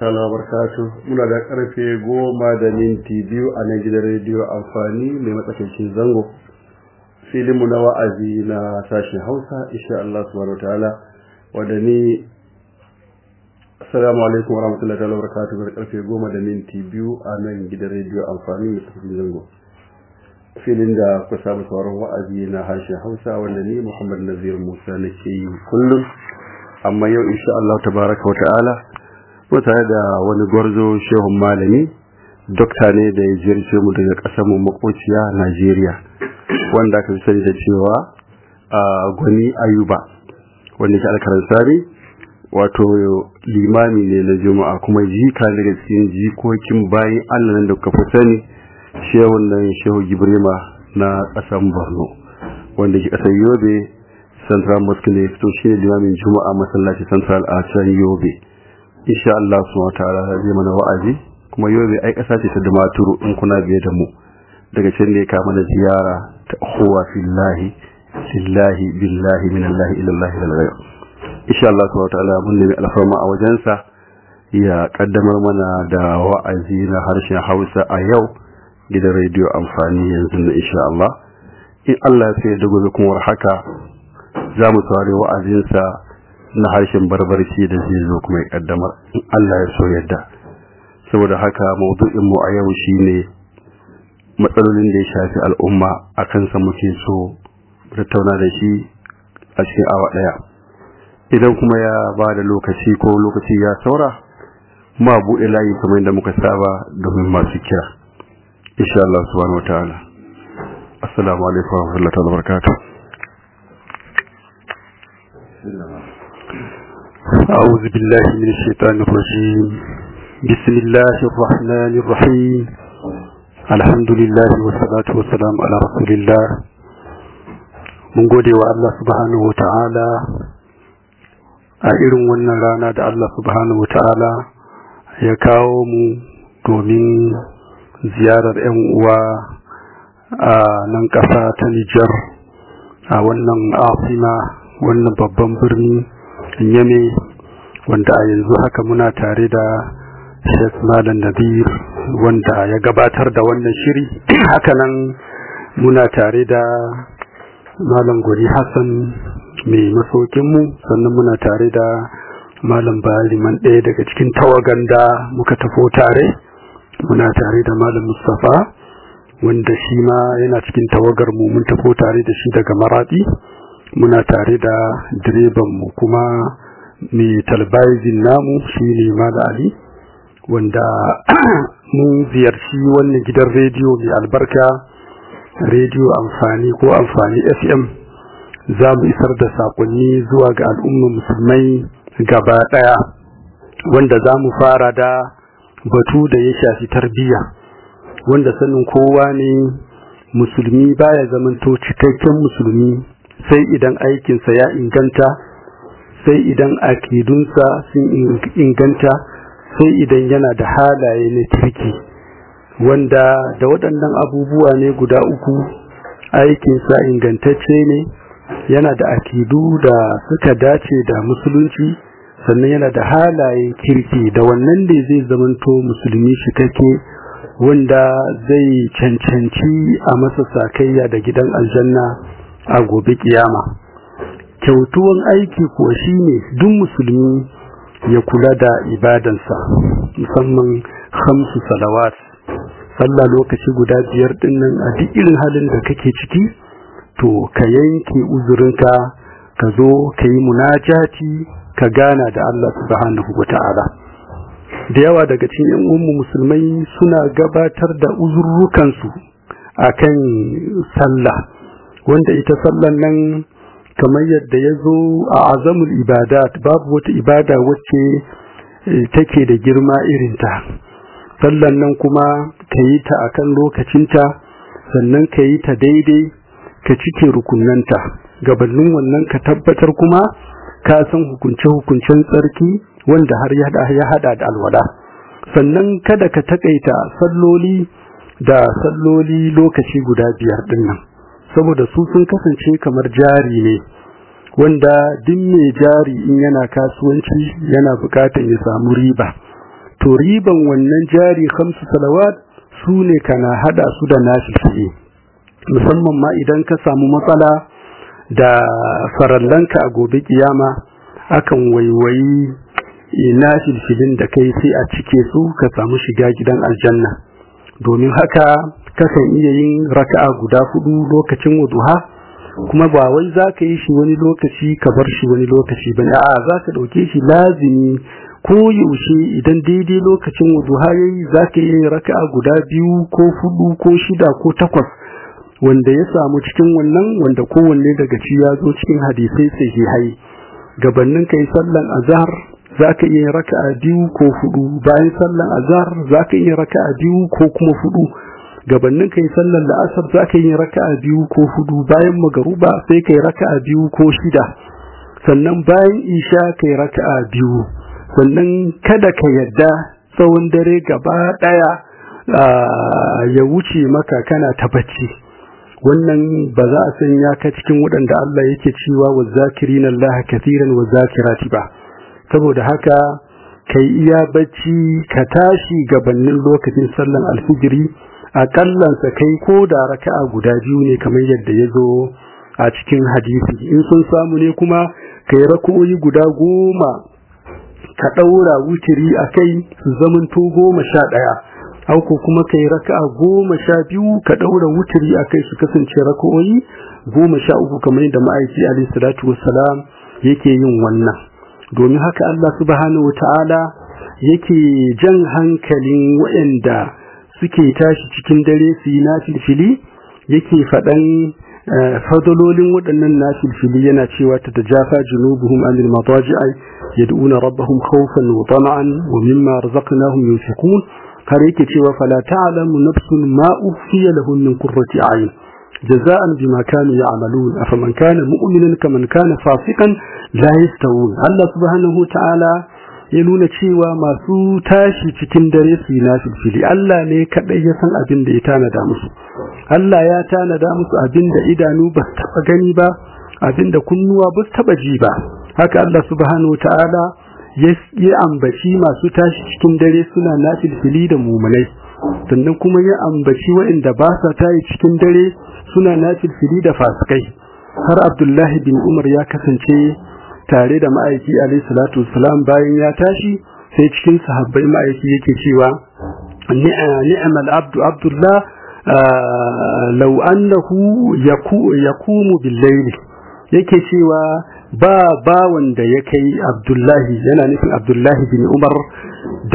Allah barkatu muna da karfe goma da minti biyu a nan gidan rediyo amfani mai matsakaicin zango filinmu na wa'azi na sashen hausa insha Allah subhanahu wa wataala wanda ni assalamu alaikum wa rahmatullahi ta'ala wa barakatuhu da karfe goma da minti biyu a nan gidan rediyo amfani mai matsakaicin zango filin da ku samu sauran wa'azi na harshen hausa wanda ni Muhammad Nazir Musa nake yi kullum amma yau insha Allah tabaraka wa ta'ala mu tare da wani gwarzo shehun malami dokta ne da ya jirce mu daga kasar mu makociya Najeriya wanda aka fi sani da cewa a gwani Ayuba wanda ke alkaransari wato limami ne na juma'a kuma jika daga cikin jikokin bayan Allah nan da kuka fi sani shehun nan shehu Gibrima na ƙasar Borno wanda ke ƙasar Yobe Central Mosque ne fito shi ne limamin juma'a masallaci Central a can Yobe insha Allah wata wataala zai mana wa'azi kuma yobe ai kasa ce ta dumaturu in kuna biye da mu daga can ne ka mana ziyara ta huwa fillahi lillahi billahi minallahi ilallahi lalghayr insha Allah wata wataala mun nemi alfarma a wajensa ya kaddamar mana da wa'azi na harshen Hausa a yau gidan rediyo amfani yanzu na insha Allah in Allah ya sai da gobe kuma haka za mu saurari wa'azinsa na harshen barbarci da zai zo kuma ya in Allah ya so yadda saboda haka maudu'in mu a yau shine matsalolin da ya shafi al'umma a kansa muke so tattauna da shi a cikin awa daya idan kuma ya ba da lokaci ko lokaci ya saura ma buɗe layi kamar yadda muka saba domin masu kira insha Allah subhanahu wataala assalamu alaikum wa rahmatullahi wa barakatuh أعوذ بالله من الشيطان الرجيم بسم الله الرحمن الرحيم الحمد لله والصلاة والسلام على رسول الله mun gode wa Allah subhanahu ta'ala a irin wannan rana da Allah subhanahu ta'ala ya kawo mu domin ziyarar 'yan uwa a nan ƙasa ta Nijar a wannan afima wannan babban birni yame wanda a yanzu haka muna tare da Sheikh Malam Nabir wanda ya gabatar da wannan shiri hakanan muna tare da Malam Gori Hassan mai mu sannan muna tare da Malam Baliman ɗaya daga cikin tawagan da muka tafo tare muna tare da Malam Mustapha wanda shi ma yana cikin tawagar mu mun tafo tare da shi daga Maradi muna tare da direban mu kuma mai talbazin namu shine ne ali wanda mun ziyarci wannan gidan rediyo mai albarka rediyo amfani ko amfani fm za mu isar da sakonni zuwa ga al'ummar musulmai gaba ɗaya wanda za mu fara da batu da ya shafi tarbiyya wanda sanin kowa ne musulmi baya zamanto cikakken musulmi sai idan aikinsa ya inganta sai idan akidunsa sun inganta sai idan yana da halaye na kirki wanda da waɗannan abubuwa ne guda uku aikinsa ingantacce ne yana da akidu da suka dace da musulunci sannan yana da halayen kirki da wannan ne zai zamanto musulmi shikake wanda zai cancanci a masa sakayya da gidan aljanna a gobe kiyama kyautuwan aiki ko shine duk musulmi ya kula da ibadansa musamman khamsu salawat sallah lokaci guda biyar dinnan a duk irin halin da kake ciki to ka yanke uzurinka ka zo ka yi munajati ka gana da Allah subhanahu wataala da yawa daga cikin yan ummu musulmai suna gabatar da uzurrukansu akan sallah wanda ita sallan nan kamar yadda ya zo a azamul ibadat babu wata ibada wacce eh, take da girma irin ta sallan nan kuma ka yi ta akan lokacinta sannan ka yi ta daidai ka cike rukunanta gabanin wannan ka tabbatar kuma ka san hukunce-hukuncen tsarki wanda har ya hada da alwala sannan kada ka takaita salloli da salloli lokaci guda biyar dinnan saboda su sun kasance kamar jari ne wanda duk mai jari in yana kasuwanci yana bukatar ya samu riba to riban wannan jari hamsu salawat su ne kana hada su da nafifi musamman ma idan ka samu matsala da farallanka a gobe kiyama akan waiwayi ina filfilin da kai sai a cike su ka samu shiga gidan aljanna domin haka kakan iya yin raka'a guda hudu lokacin wuduha kuma ba wai za ka yi shi wani lokaci ka bar shi wani lokaci ba a'a za ka ɗauke shi lazimi ko yaushe idan daidai lokacin wuduha ya yi za ka yi raka'a guda biyu ko hudu ko shida ko takwas wanda ya samu cikin wannan wanda kowanne daga ci ya zo cikin hadisai sahihai gabanin kai sallan azhar za iya raka'a biyu ko hudu bayan sallan azhar za iya raka'a biyu ko kuma hudu gabannin kai sallar la'asar za ka iya raka'a biyu ko hudu bayan magaruba sai kai raka'a biyu ko shida sannan bayan isha kai raka'a biyu sannan kada ka yadda tsawon dare gaba daya ya wuce maka kana ta bacci wannan ba za a sanya ka cikin waɗanda Allah yake cewa wa zakirina Allah kathiran wa zakirati ba saboda haka kai iya bacci ka tashi gabanin lokacin sallan alfijiri kallansa kai ko da raka'a guda biyu ne kamar yadda ya zo a cikin hadisi in sun samu ne kuma kai rakoyi guda goma ka ɗaura wutiri a kai su zamanto goma sha ɗaya auku kuma kai raka'a goma sha biyu ka ɗaura wutiri a kai su kasance raka'oi goma sha uku kamar yadda ma'aiki alaihi salatu wassalam yake yin wannan domin haka Allah subhanahu wataala yake jan hankalin waɗanda suke tashi cikin dare su yi nafilfili yake faɗan fadalolin waɗannan nafilfili yana cewa ta tajafa junubuhum anil mataji'i yad'una rabbahum khawfan wa tama'an wa mimma razaqnahum yunfiqun har yake cewa fala ta'lamu nafsun ma ukhfiya lahum min qurrati a'yun جزاء بما كانوا يعملون أفمن كان مؤمنا كمن كان فاسقا لا يستوون الله سبحانه وتعالى ya nuna cewa masu tashi cikin dare su yi fili Allah ne kaɗai ya san abin da ya tanada musu Allah ya tanada musu abin da idanu ba su taɓa gani ba abin da kunnuwa ba su taɓa ji ba haka Allah subhanahu ta'ala ya ambaci masu tashi cikin dare suna nafilfili da mumulai sannan kuma ya ambaci waɗanda ba sa tayi cikin dare suna nafilfili da fasikai har abdullahi bin umar ya kasance tare da ma'aiki alaihi salatu wassalam bayan ya tashi sai cikin sahabbai ma'aiki yake cewa ni'mal abdu abdullah law annahu yakumu bil-layl yake cewa ba bawan da ya kai abdullahi yana nufin abdullahi bin umar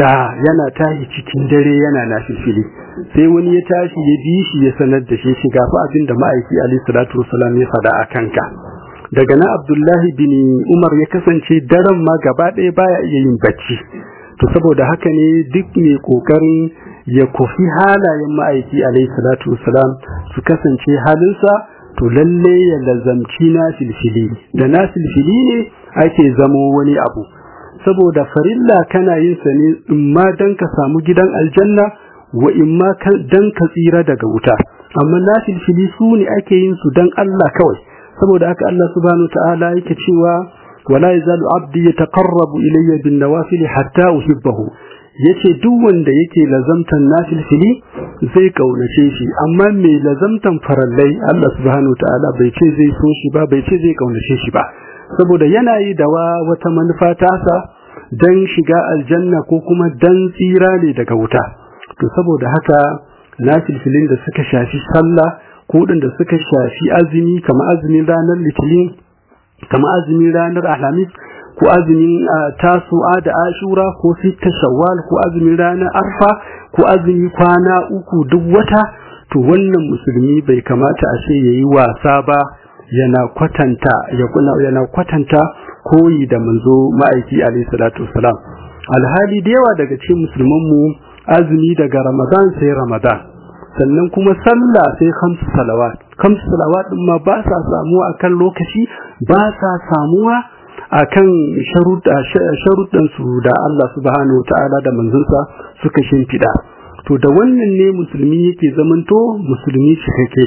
da yana tashi cikin dare yana nafilfili sai wani ya tashi ya bi shi ya sanar da shi shi gafi abin da ma'aiki alaihi salatu wasalam ya fada a kanka daga na abdullahi bin umar ya kasance daren ma gaba ɗaya baya iya yin bacci to saboda haka ne duk mai kokarin ya kofi halayen ma'aiki alaihi salatu wasalam su kasance halinsa to lalle ya lazamci na da na ne ake zamo wani abu saboda farilla kana yin sa ne in ma dan ka samu gidan aljanna wa imma dan ka tsira daga wuta amma nafil su ne ake yin su dan Allah kawai saboda haka Allah subhanahu ta'ala yake cewa wala yazalu abdi yataqarrabu ilayya bin nawafil hatta uhibbahu yace duk wanda yake lazamtan nafil fili zai kaunace shi amma me lazamtan farallai Allah subhanahu ta'ala bai ce zai so shi ba bai ce zai kaunace shi ba saboda yana yi dawa wata manufa tasa dan shiga aljanna ko kuma dan tsira ne daga wuta to saboda haka na filfilin da suka shafi sallah ko da suka shafi azumi kama azumin ranar litinin kama azumin ranar alhamis ko azumin tasu'a da ashura ko sita shawwal ko azumin ranar arfa ko azumi kwana uku duk wata to wannan musulmi bai kamata a ce yayi wasa ba yana kwatanta yana kwatanta koyi da manzo ma'aiki alayhi salatu wassalam alhali da yawa daga cikin musulman mu. azumi daga ramadan sai ramadan sannan kuma sallah sai khamsu salawat khamsu salawat din ma ba sa samuwa akan lokaci ba sa samuwa akan sharuddan su da Allah subhanahu ta'ala da manzonsa suka shimfiɗa. to da wannan ne musulmi yake zamanto musulmi cikakke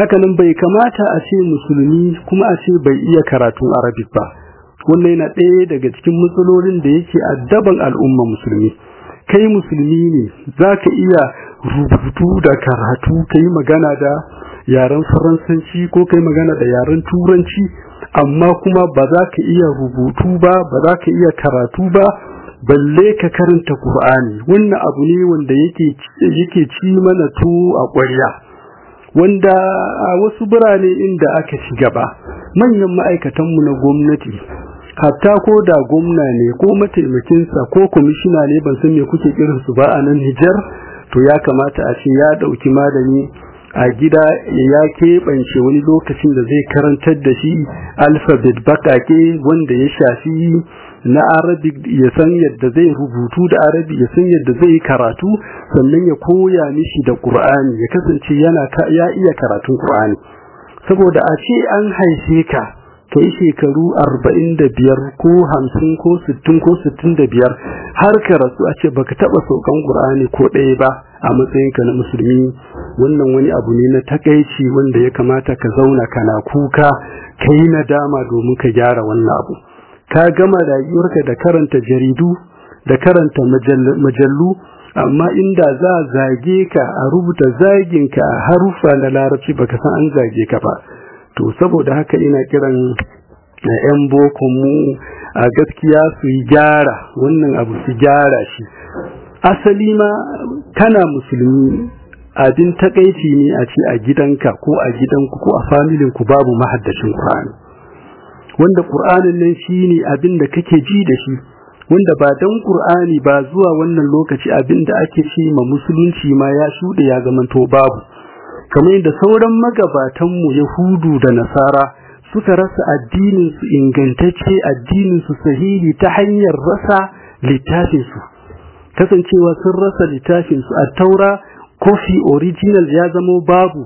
haka nan bai kamata a ce musulmi kuma a ce bai iya karatun arabic ba wannan yana ɗaya daga cikin matsalolin da yake addaban al'umma musulmi kai musulmi ne za ka iya rubutu da karatu ka yi magana da yaren faransanci ko ka yi magana da yaren turanci amma kuma ba za ka iya rubutu ba ba za ka iya karatu ba balle ka karanta ƙur'ani wannan abu ne wanda yake ci mana to a ƙwarya wanda a wasu birane inda aka shiga ba, manyan ma'aikatanmu na gwamnati hatta ko da gwamna ne ko mataimakinsa ko kwamishina ne ban san me kuke kirin su ba a nan Nijar to ya kamata a ce ya dauki malami a gida ya keɓance wani lokacin da zai karantar da shi alfabet baƙaƙe wanda ya shafi na arabic ya san yadda zai rubutu da arabi ya san yadda zai karatu sannan ya koya mishi da qur'ani ya kasance yana ya iya karatun qur'ani saboda a ce an haife ka ka yi shekaru arba'in da biyar ko hamsin ko sittin ko sittin da biyar har ka rasu a ce baka taba saukan ƙur'ani ko ɗaya ba a matsayinka na musulmi wannan wani abu ne na takaici wanda ya kamata ka zauna ka na kuka ka yi nadama domin ka gyara wannan abu ka gama rayuwarka da karanta jaridu da karanta majallu amma inda za a zage ka a rubuta zaginka a haruffa na larabci baka san an zage ka ba to saboda haka ina kiran yan boko mu a gaskiya su yi gyara wannan abu su gyara shi asali ma kana musulmi abin takaici ne a ce a gidanka ko a gidanku ko a familinku babu mahaddashin Qur'ani wanda Qur'anin nan shi ne abin da kake ji da shi wanda ba dan ƙur'ani ba zuwa wannan lokaci abin da ake ce ma musulunci ma ya shuɗe ya zamanto babu kamar yadda sauran magabatanmu yahudu da nasara suka rasa addininsu ingantacce addininsu sahihi ta hanyar rasa littafinsu kasancewa sun rasa littafinsu a taura kofi original ya zama babu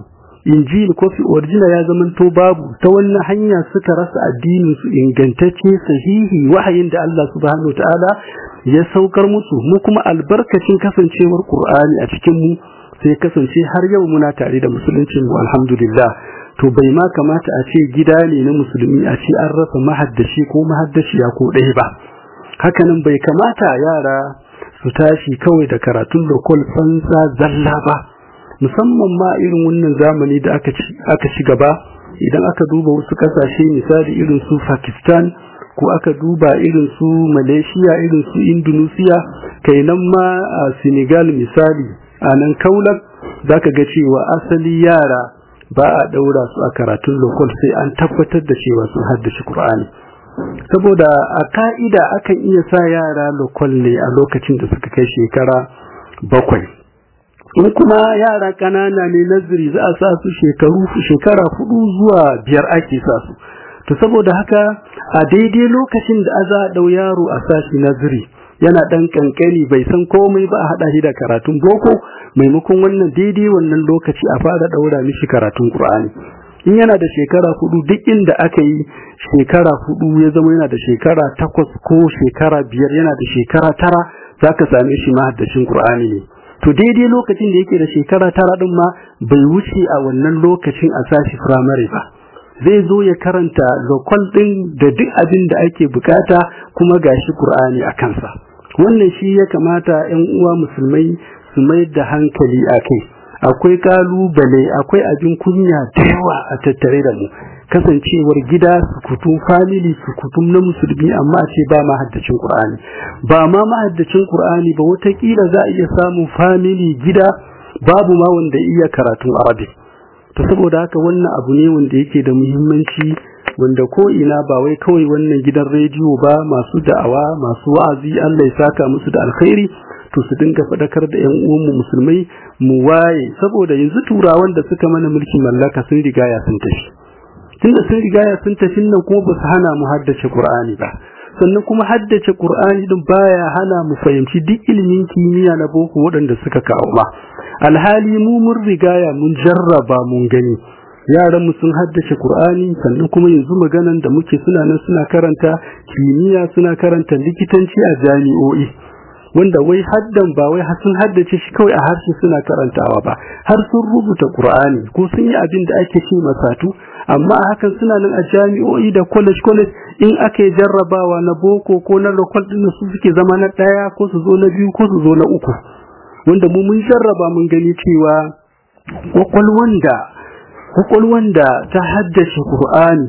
injil kofi original ya zama to babu ta wannan hanya suka rasa addininsu ingantacce sahihi wahayin da Allah subhanahu ta'ala ya saukar musu mu kuma albarkacin kasancewar Qur'ani a cikin mu sai kasance har yau muna tare da musuluncin mu alhamdulillah to bai ma kamata a ce gida ne na musulmi a ce an rasa mahaddashi ko mahaddashiya ko ɗaya ba haka nan bai kamata yara su tashi kawai da karatun lokal fansa zalla ba musamman ma irin wannan zamani da aka ci gaba idan aka duba wasu kasashe misali irin su pakistan ko aka duba irin su malaysia irin su indonesia kai nan ma a senegal misali anan nan kaulan za ka ga cewa asali yara ba a ɗaura su a karatun lokal sai an tabbatar da cewa sun haddace Kur'ani. saboda a ka'ida akan iya sa yara lokal ne a lokacin da suka kai shekara bakwai in kuma yara ƙanana ne nazari za a sa su shekaru shekara hudu zuwa biyar ake sa su to saboda haka a daidai lokacin da a za a ɗau yaro a sashi nazari. yana dan kankani bai san komai ba a hada shi da karatun boko maimakon wannan daidai wannan lokaci a fara daura mishi karatun Qur'ani in yana da shekara hudu duk inda aka yi shekara hudu ya zama yana da shekara takwas ko shekara biyar yana da shekara tara zaka same shi mahaddashin Qur'ani ne to daidai lokacin da yake da shekara tara din ma bai wuce a wannan lokacin a sashi firamare ba zai zo ya karanta lokal din da duk abin da ake bukata kuma gashi Qur'ani a kansa wannan shi ya kamata 'yan uwa musulmai su mai da hankali a kai akwai kalubale akwai abin kunya da yawa a tattare da mu kasancewar gida sukutun family sukutun na musulmi amma a ce ba haddacin qur'ani ba ma mahaddacin qur'ani ba watakila za a iya samun famili, gida babu ma wanda iya karatun arabic to saboda haka wannan abu ne wanda yake da muhimmanci wanda ko ina ba wai kawai wannan gidan rediyo ba masu da'awa masu wa'azi Allah ya saka musu da alkhairi to su dinga fadakar da ƴan mu musulmai mu waye saboda yanzu turawan da suka mana mulki mallaka sun rigaya sun tafi tunda sun rigaya sun tafi nan kuma ba su hana mu haddace Qur'ani ba sannan kuma haddace Qur'ani din baya hana mu fahimci duk ilimin kimiyya na boko waɗanda suka kawo ba alhali mu mun rigaya mun jarraba mun gani yaran mu sun haddace Qur'ani sannan kuma yanzu maganan da muke suna nan suna karanta kimiyya suna karanta likitanci a jami'o'i wanda wai haddan ba wai sun haddace shi kawai a harshe suna karantawa ba har sun rubuta Qur'ani ko sun yi abin da ake ce masatu amma hakan suna nan a jami'o'i da college college in aka jarrabawa na boko ko na local din su suke zama na daya ko su zo na biyu ko su zo na uku wanda mu mun jarraba mun gani cewa kwakwalwan da kwakwalwan da ta haddace Qur'ani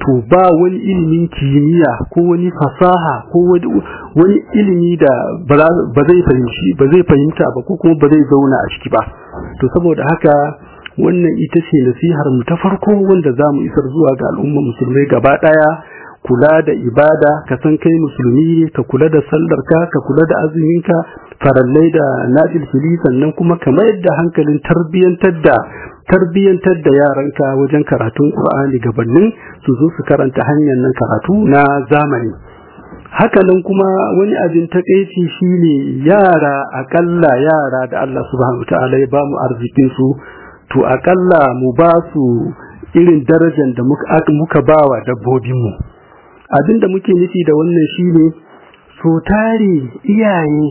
to ba wani ilimin kimiyya ko wani fasaha ko wani ilimi da ba zai fahimci ba zai fahimta ba ko kuma ba zai zauna a ciki ba to saboda haka wannan ita ce nasihar mu ta farko wanda za mu isar zuwa ga al'umma musulmai gaba ɗaya. kula da ibada ka san kai musulmi ne ka kula da sallarka ka kula da azuminka farallai da fili sannan kuma ka mayar da hankalin tarbiyyantar da tarbiyyantar da yaranka wajen karatun Qur'ani gabanin su zo su karanta hanyar nan karatu na zamani haka nan kuma wani abin takeici shine yara akalla yara da Allah subhanahu wataala ya bamu arzikin su to akalla mu ba su irin darajar da muka bawa dabbobinmu abinda muke nufi da wannan shine so tare iyaye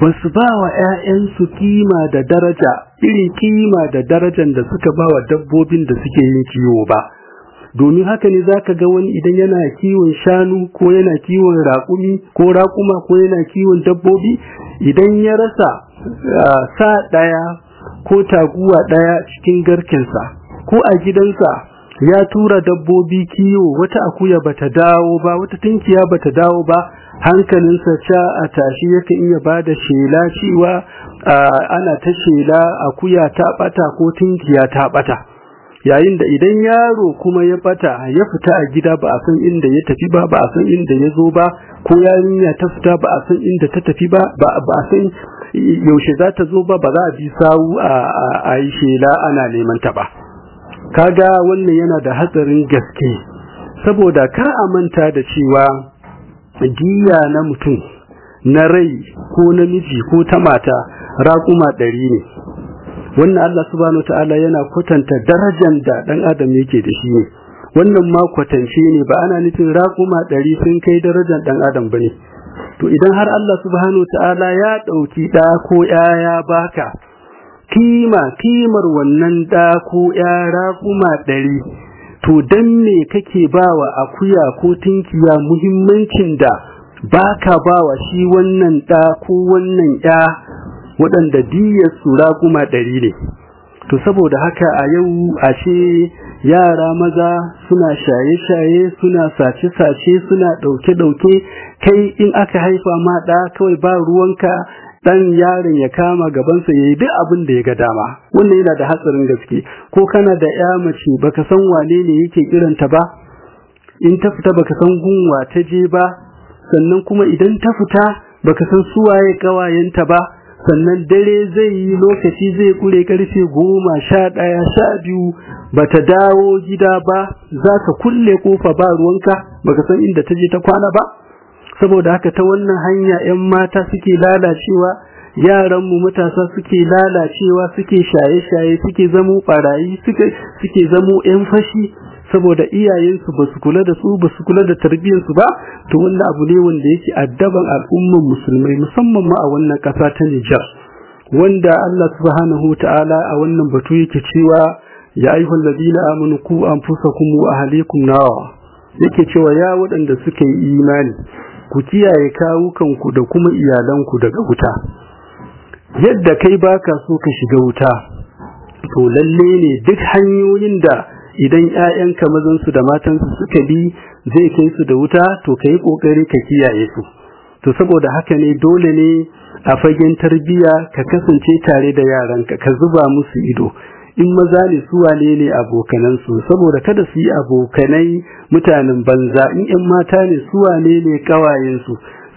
ba su ba wa 'ya'yansu kima da daraja irin kima da darajan da suka bawa wa dabbobin da suke yin kiwo ba domin haka ne za ka ga wani idan yana kiwon shanu ko yana kiwon raƙumi ko raƙuma ko yana kiwon dabbobi idan ya rasa sa ɗaya ko taguwa ɗaya cikin garkensa ko a gidansa ya tura dabbobi kiwo wata akuya bata dawo ba wata tinkiya bata dawo ba hankalinsa sha a tashi yake iya ba da shela cewa ana ta shela akuya ta bata ko tinkiya ta bata yayin da idan yaro kuma ya bata ya fita a gida ba a san inda ya tafi ba ba a san inda ya zo ba ko yarinya ta fita ba a san inda ta tafi ba ba a san yaushe za ta zo ba ba za a bi sawu a yi shela ana neman ta ba kaga wannan yana da hatsarin gaske saboda kar a manta da cewa giya na mutum na rai ko namiji ko ta mata raƙuma ɗari ne wannan Allah subhanahu ta'ala yana kwatanta darajar da ɗan adam yake da shi ne wannan ma kwatance ne ba ana nufin raƙuma ɗari sun kai darajar ɗan adam ba ne to idan har Allah subhanahu ta'ala ya ɗauki ɗa ko ya baka kima kimar wannan ɗa ko yara kuma ɗari to dan me kake bawa akuya ko tinkiya muhimmancin da baka bawa shi wannan ɗa ko wannan ya waɗanda diyar su kuma ɗari ne to saboda haka a yau ashe yara maza suna shaye-shaye suna sace-sace suna ɗauke-ɗauke kai in aka haifa ma da kawai ba ruwanka dan yaron ya kama gabansa yayi duk abin da ya ga dama wannan yana da hatsarin gaske ko kana da ya mace baka san wane ne yake kiranta ba in ta fita baka san gunwa ta je ba sannan kuma idan ta fita baka san suwaye kawayenta ba sannan dare zai yi lokaci zai kure karfe goma sha ɗaya sha bata dawo gida ba za ka kulle kofa ba ruwanka baka san inda ta je ta kwana ba saboda haka ta wannan hanya 'yan mata suke lalacewa yaranmu matasa suke lalacewa suke shaye-shaye suke zamo barayi suke zamo 'yan fashi saboda iyayensu ba su kula da su ba su kula da tarbiyyarsu ba to wannan abu ne wanda yake addaban al'umman musulmai musamman ma a wannan ƙasa ta Nijar wanda Allah subhanahu ta'ala a wannan batu yake cewa ya ayyuhal ladina amanu ku anfusakum wa ahlikum nawa yake cewa ya waɗanda suka yi imani ku kiyaye kawukanku da kuma iyalanku daga wuta yadda kai baka so ka shiga wuta to lalle ne duk hanyoyin da idan 'ya'yanka su da matan su suka bi zai kai su da wuta to kai kokari ka kiyaye su to saboda haka ne dole ne a fagen tarbiya ka kasance tare da yaranka ka zuba musu ido in maza ne su wane ne abokanan saboda kada su yi abokanai mutanen banza in yan mata ne su wane ne kawayen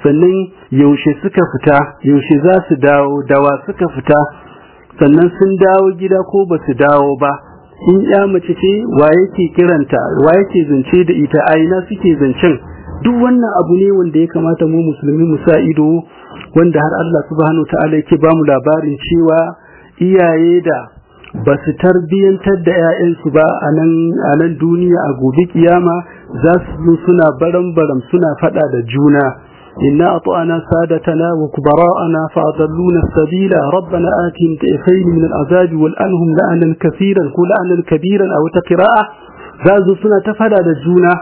sannan yaushe suka fita yaushe za su dawo dawa suka fita sannan sun dawo gida ko ba su dawo ba in ya mace ce wa yake kiranta wa yake zance da ita aina suke zancen duk wannan abu ne wanda ya kamata mu musulmi mu sa ido wanda har Allah subhanahu ta'ala yake ba mu labarin cewa iyaye da ba su tarbiyyantar da 'ya'yansu ba a nan duniya a gobe kiyama za su suna baram-baram suna fada da juna أطعنا سادتنا وكبراءنا فأضلونا السبيل ربنا آتهم تأخين من العذاب والأنهم لأنا كثيرا كل أنا كبيرا أو تقراءة ذا سنة تفلا للجونة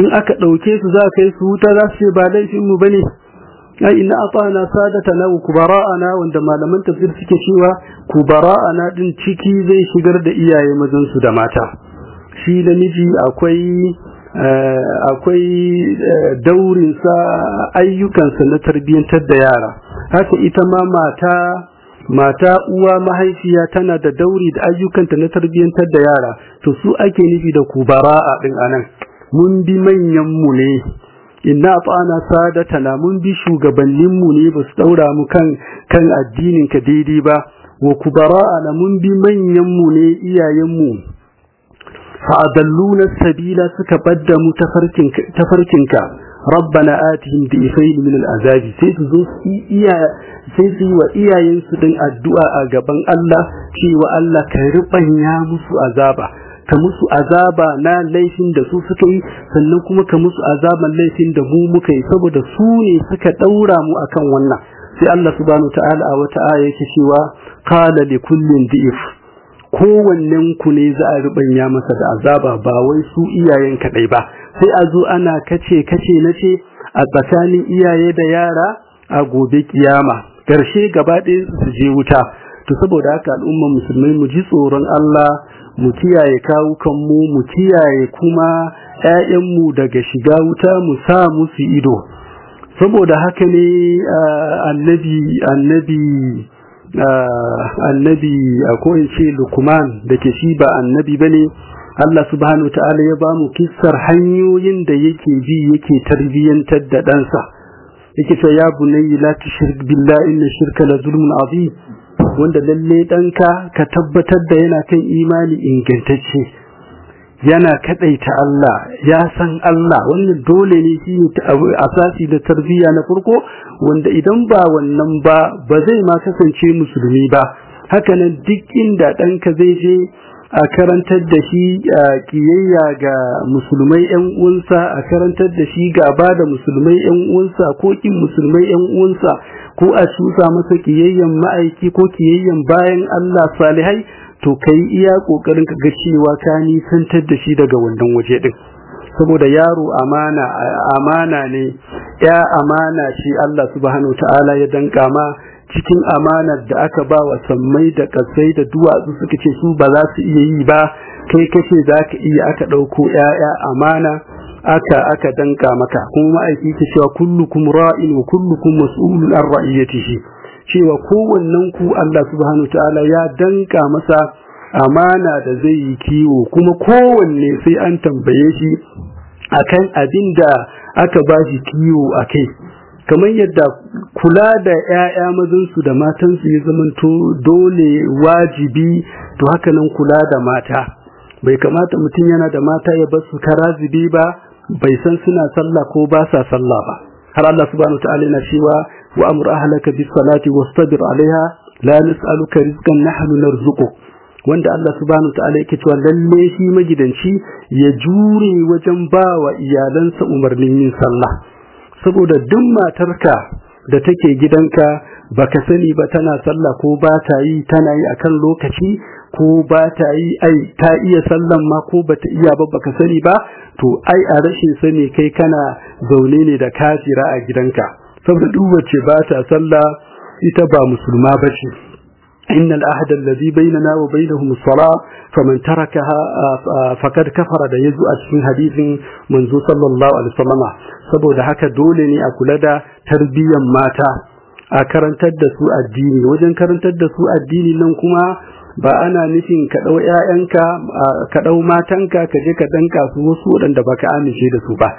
إن أكدوا كيس ذا كيس وتا ذا سيبالي في مبني ai inna ata'na sadatana wa kubara'ana wanda malaman tafsir suke cewa kubara'ana din ciki zai shigar da iyaye mazan su da mata shi miji akwai eh, akwai eh, daurin sa ayyukan sa na tarbiyantar da yara haka ita ma mata mata uwa mahaifiya tana da dauri da ayyukanta na tarbiyantar da yara to su ake nufi da kubara'a din anan mun bi manyan mu ne inna ata'ana sadatana mun bi shugabanninmu ne ba su daura mu kan kan addinin ka daidai ba wa kubara'ana mun bi manyanmu ne iyayenmu fa adalluna sabila suka badda mu farkin ka rabbana atihim bi ifayn min al'azabi sai su zo iya sai su yi wa iyayensu din addu'a a gaban Allah cewa Allah ka rubanya musu azaba ka musu azaba na laifin da su suka yi sannan kuma ka musu azaban laifin da mu muka yi saboda su ne suka daura mu akan wannan sai Allah subhanahu ta'ala a wata aya yake cewa qala li kullin di'if kowannen ku ne za a rubanya masa da azaba ba wai su iyayen kadai ba sai a zo ana kace kace ce a tsakanin iyaye da yara a gobe kiyama karshe gaba ɗaya su je wuta to saboda haka al'ummar musulmai mu ji tsoron Allah mu kiyaye kawukan mu mu kiyaye kuma mu daga shiga wuta mu sa musu ido saboda haka ne ah, annabi annabi ah, annabi ko in ce lukman da ke shi ba annabi bane Allah subhanahu wa ta'ala ya bamu kissar hanyoyin da yake bi yake tarbiyantar da ɗansa yake ce ya bunayya la tushrik billahi inna shirka la zulmun azim wanda lalle danka ka tabbatar da yana kan imani ingantacce yana kadaita Allah ya san Allah wannan dole ne shine asasi da tarbiyya na farko wanda idan ba wannan ba ba zai ma kasance musulmi ba haka hakanan duk inda danka zai je a karantar da shi a kiyayya ga musulmai yan uwansa a karantar da shi ga ba da musulmai yan uwansa ko kin musulmai yan uwansa ko a shusa masa kiyayyan ma'aiki ko kiyayyan bayan Allah salihai to kai iya kokarin ka ga cewa ka nisantar da shi daga wannan waje din saboda yaro amana amana ne ya amana shi Allah subhanahu ta'ala ya danka ma cikin amanar da aka ba wa sammai da kasai da duwatsu suka ce su ba za su iya yi ba kai kace za ka iya aka ɗauko ‘ya'ya amana aka aka danka maka kuma ma'aiki ta cewa kullukum ra'in wa kullukum mas'ulun an ra'iyatihi cewa kowannen ku Allah subhanahu ta'ala ya danka masa amana da zai yi kiwo kuma kowanne sai an tambaye shi akan abin da aka ba shi kiwo a kai kamar yadda kula da ‘ya'ya mazansu da matansu ya zamanto dole wajibi to nan kula da mata bai kamata mutum yana da mata ya basu karazibi ba bai san suna sallah ko ba sa sallah ba har Allah subhanahu wa ta'ala yana cewa wa amur ahlaka bis salati wastabir alaiha la nas'aluka rizqan nahnu narzuqu wanda Allah subhanahu ta'ala yake cewa lalle shi magidanci ya jure wajen ba wa iyalansa umarnin yin sallah saboda duk matarka da take gidanka baka sani ba tana sallah ko ba ta yi tana yi akan lokaci ko ba ta yi ai ta iya sallan ma ko bata iya ba baka sani ba to ai a rashin sani kai kana zaune ne da kafira a gidanka saboda duk wacce ba ta sallah ita ba musulma ba ce. إن الأهد الذي بيننا وبينهم الصلاة فمن تركها فقد kafara da yazo a cikin hadisin manzo sallallahu alaihi wasallama saboda haka dole ne a kula da tarbiyyar mata a karantar da su addini wajen karantar da su addini nan kuma ba ana nufin ka dau ƴaƴanka ka dau matanka ka je ka danka su wasu waɗanda baka amince da su ba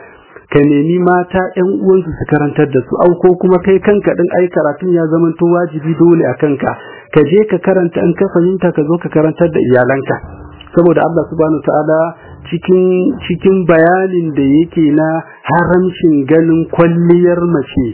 ka nemi mata ƴan uwansu su karantar da su au ko kuma kai kanka ɗin ai karatun ya zama to wajibi dole a kanka ka je ka karanta an ka fahimta ka zo ka karantar da iyalanka saboda Allah subhanahu ta'ala cikin cikin bayanin da yake na haramcin ganin kwalliyar mace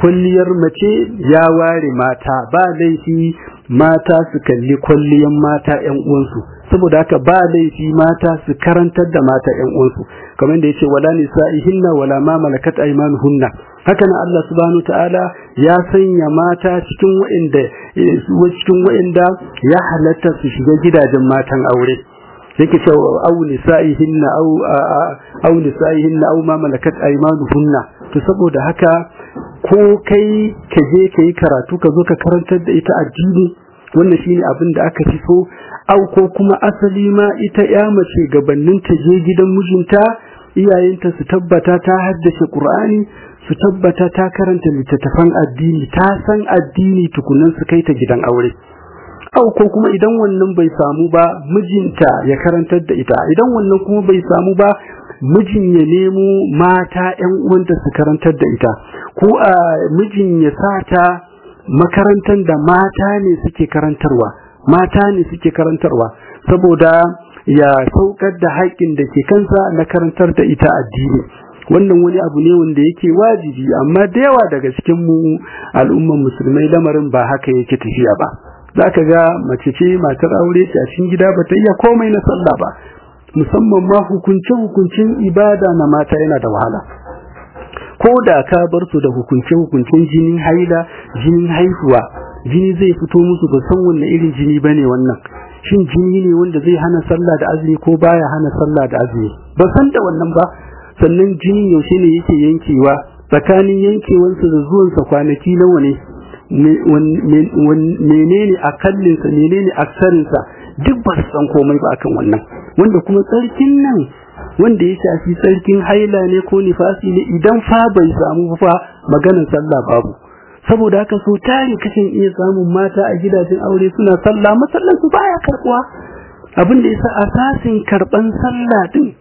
kwalliyar mace ya ware mata ba laifi mata su kalli kwalliyan mata ƴan uwansu saboda haka ba laifi mata su karantar da mata ƴan uwansu kamar da yace wala nisaihinna wala ma malakat aymanuhunna haka nan Allah subhanahu ta'ala ya sanya mata cikin wa'inda eh, cikin wa'inda ya halatta su shiga gidajen matan aure yake ce au nisa'ihinna au au nisa'ihinna au ma malakat aymanuhunna to saboda haka ko kai ka je ka yi karatu ka zo ka karantar da ita addini wannan shine abin da aka fi so au ko kuma asali ma ita ya mace gabanin ta je gidan mijinta iyayenta su tabbata ta haddace Qur'ani su tabbata ta karanta littattafan addini ta san addini tukunan su kai ta gidan aure au ko kuma idan wannan bai samu ba mijinta ya karantar da ita idan wannan kuma bai samu ba mijin ya nemo mata ƴan uwanta su karantar da ita ko a mijin ya sata makarantar da mata ne suke karantarwa mata ne suke karantarwa saboda ya saukar da haƙin da ke kansa na karantar da ita addini wannan wani abu ne wanda yake wajibi amma da yawa daga cikin mu al'umman musulmai lamarin ba haka yake tafiya ba zaka ga mace ce matar aure ta a cikin gida bata iya komai na sallah ba musamman ma hukunce hukuncin ibada na mata yana da wahala ko da ka bar su da hukunce hukuncin jinin haila jinin haihuwa jini zai fito musu ba san wanne irin jini bane wannan shin jini ne wanda zai hana sallah da azumi ko baya hana sallah da azumi ba san da wannan ba sannan jini yaushe ne yake yankewa tsakanin yankewansa da zuwansa kwanaki nawa ne menene a kallinsa? menene a aksarinsa duk ba su san komai ba akan wannan wanda kuma tsarkin nan wanda ya shafi tsarkin haila ne ko nifasi ne idan fa bai samu fa maganar sallah babu saboda haka so tare kashin iya samun mata a gidajen aure suna sallah masallan su baya karbuwa abin da yasa asasin karban sallah din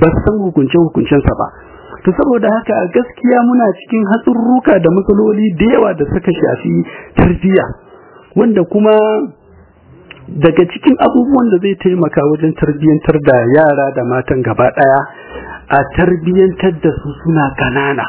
ba san hukunce hukuncensa ba to saboda haka a gaskiya muna cikin hatsurruka da matsaloli da yawa da suka shafi tarbiyya wanda kuma daga cikin abubuwan da zai taimaka wajen tarbiyyantar da yara da matan gaba daya a tarbiyyantar da su suna kanana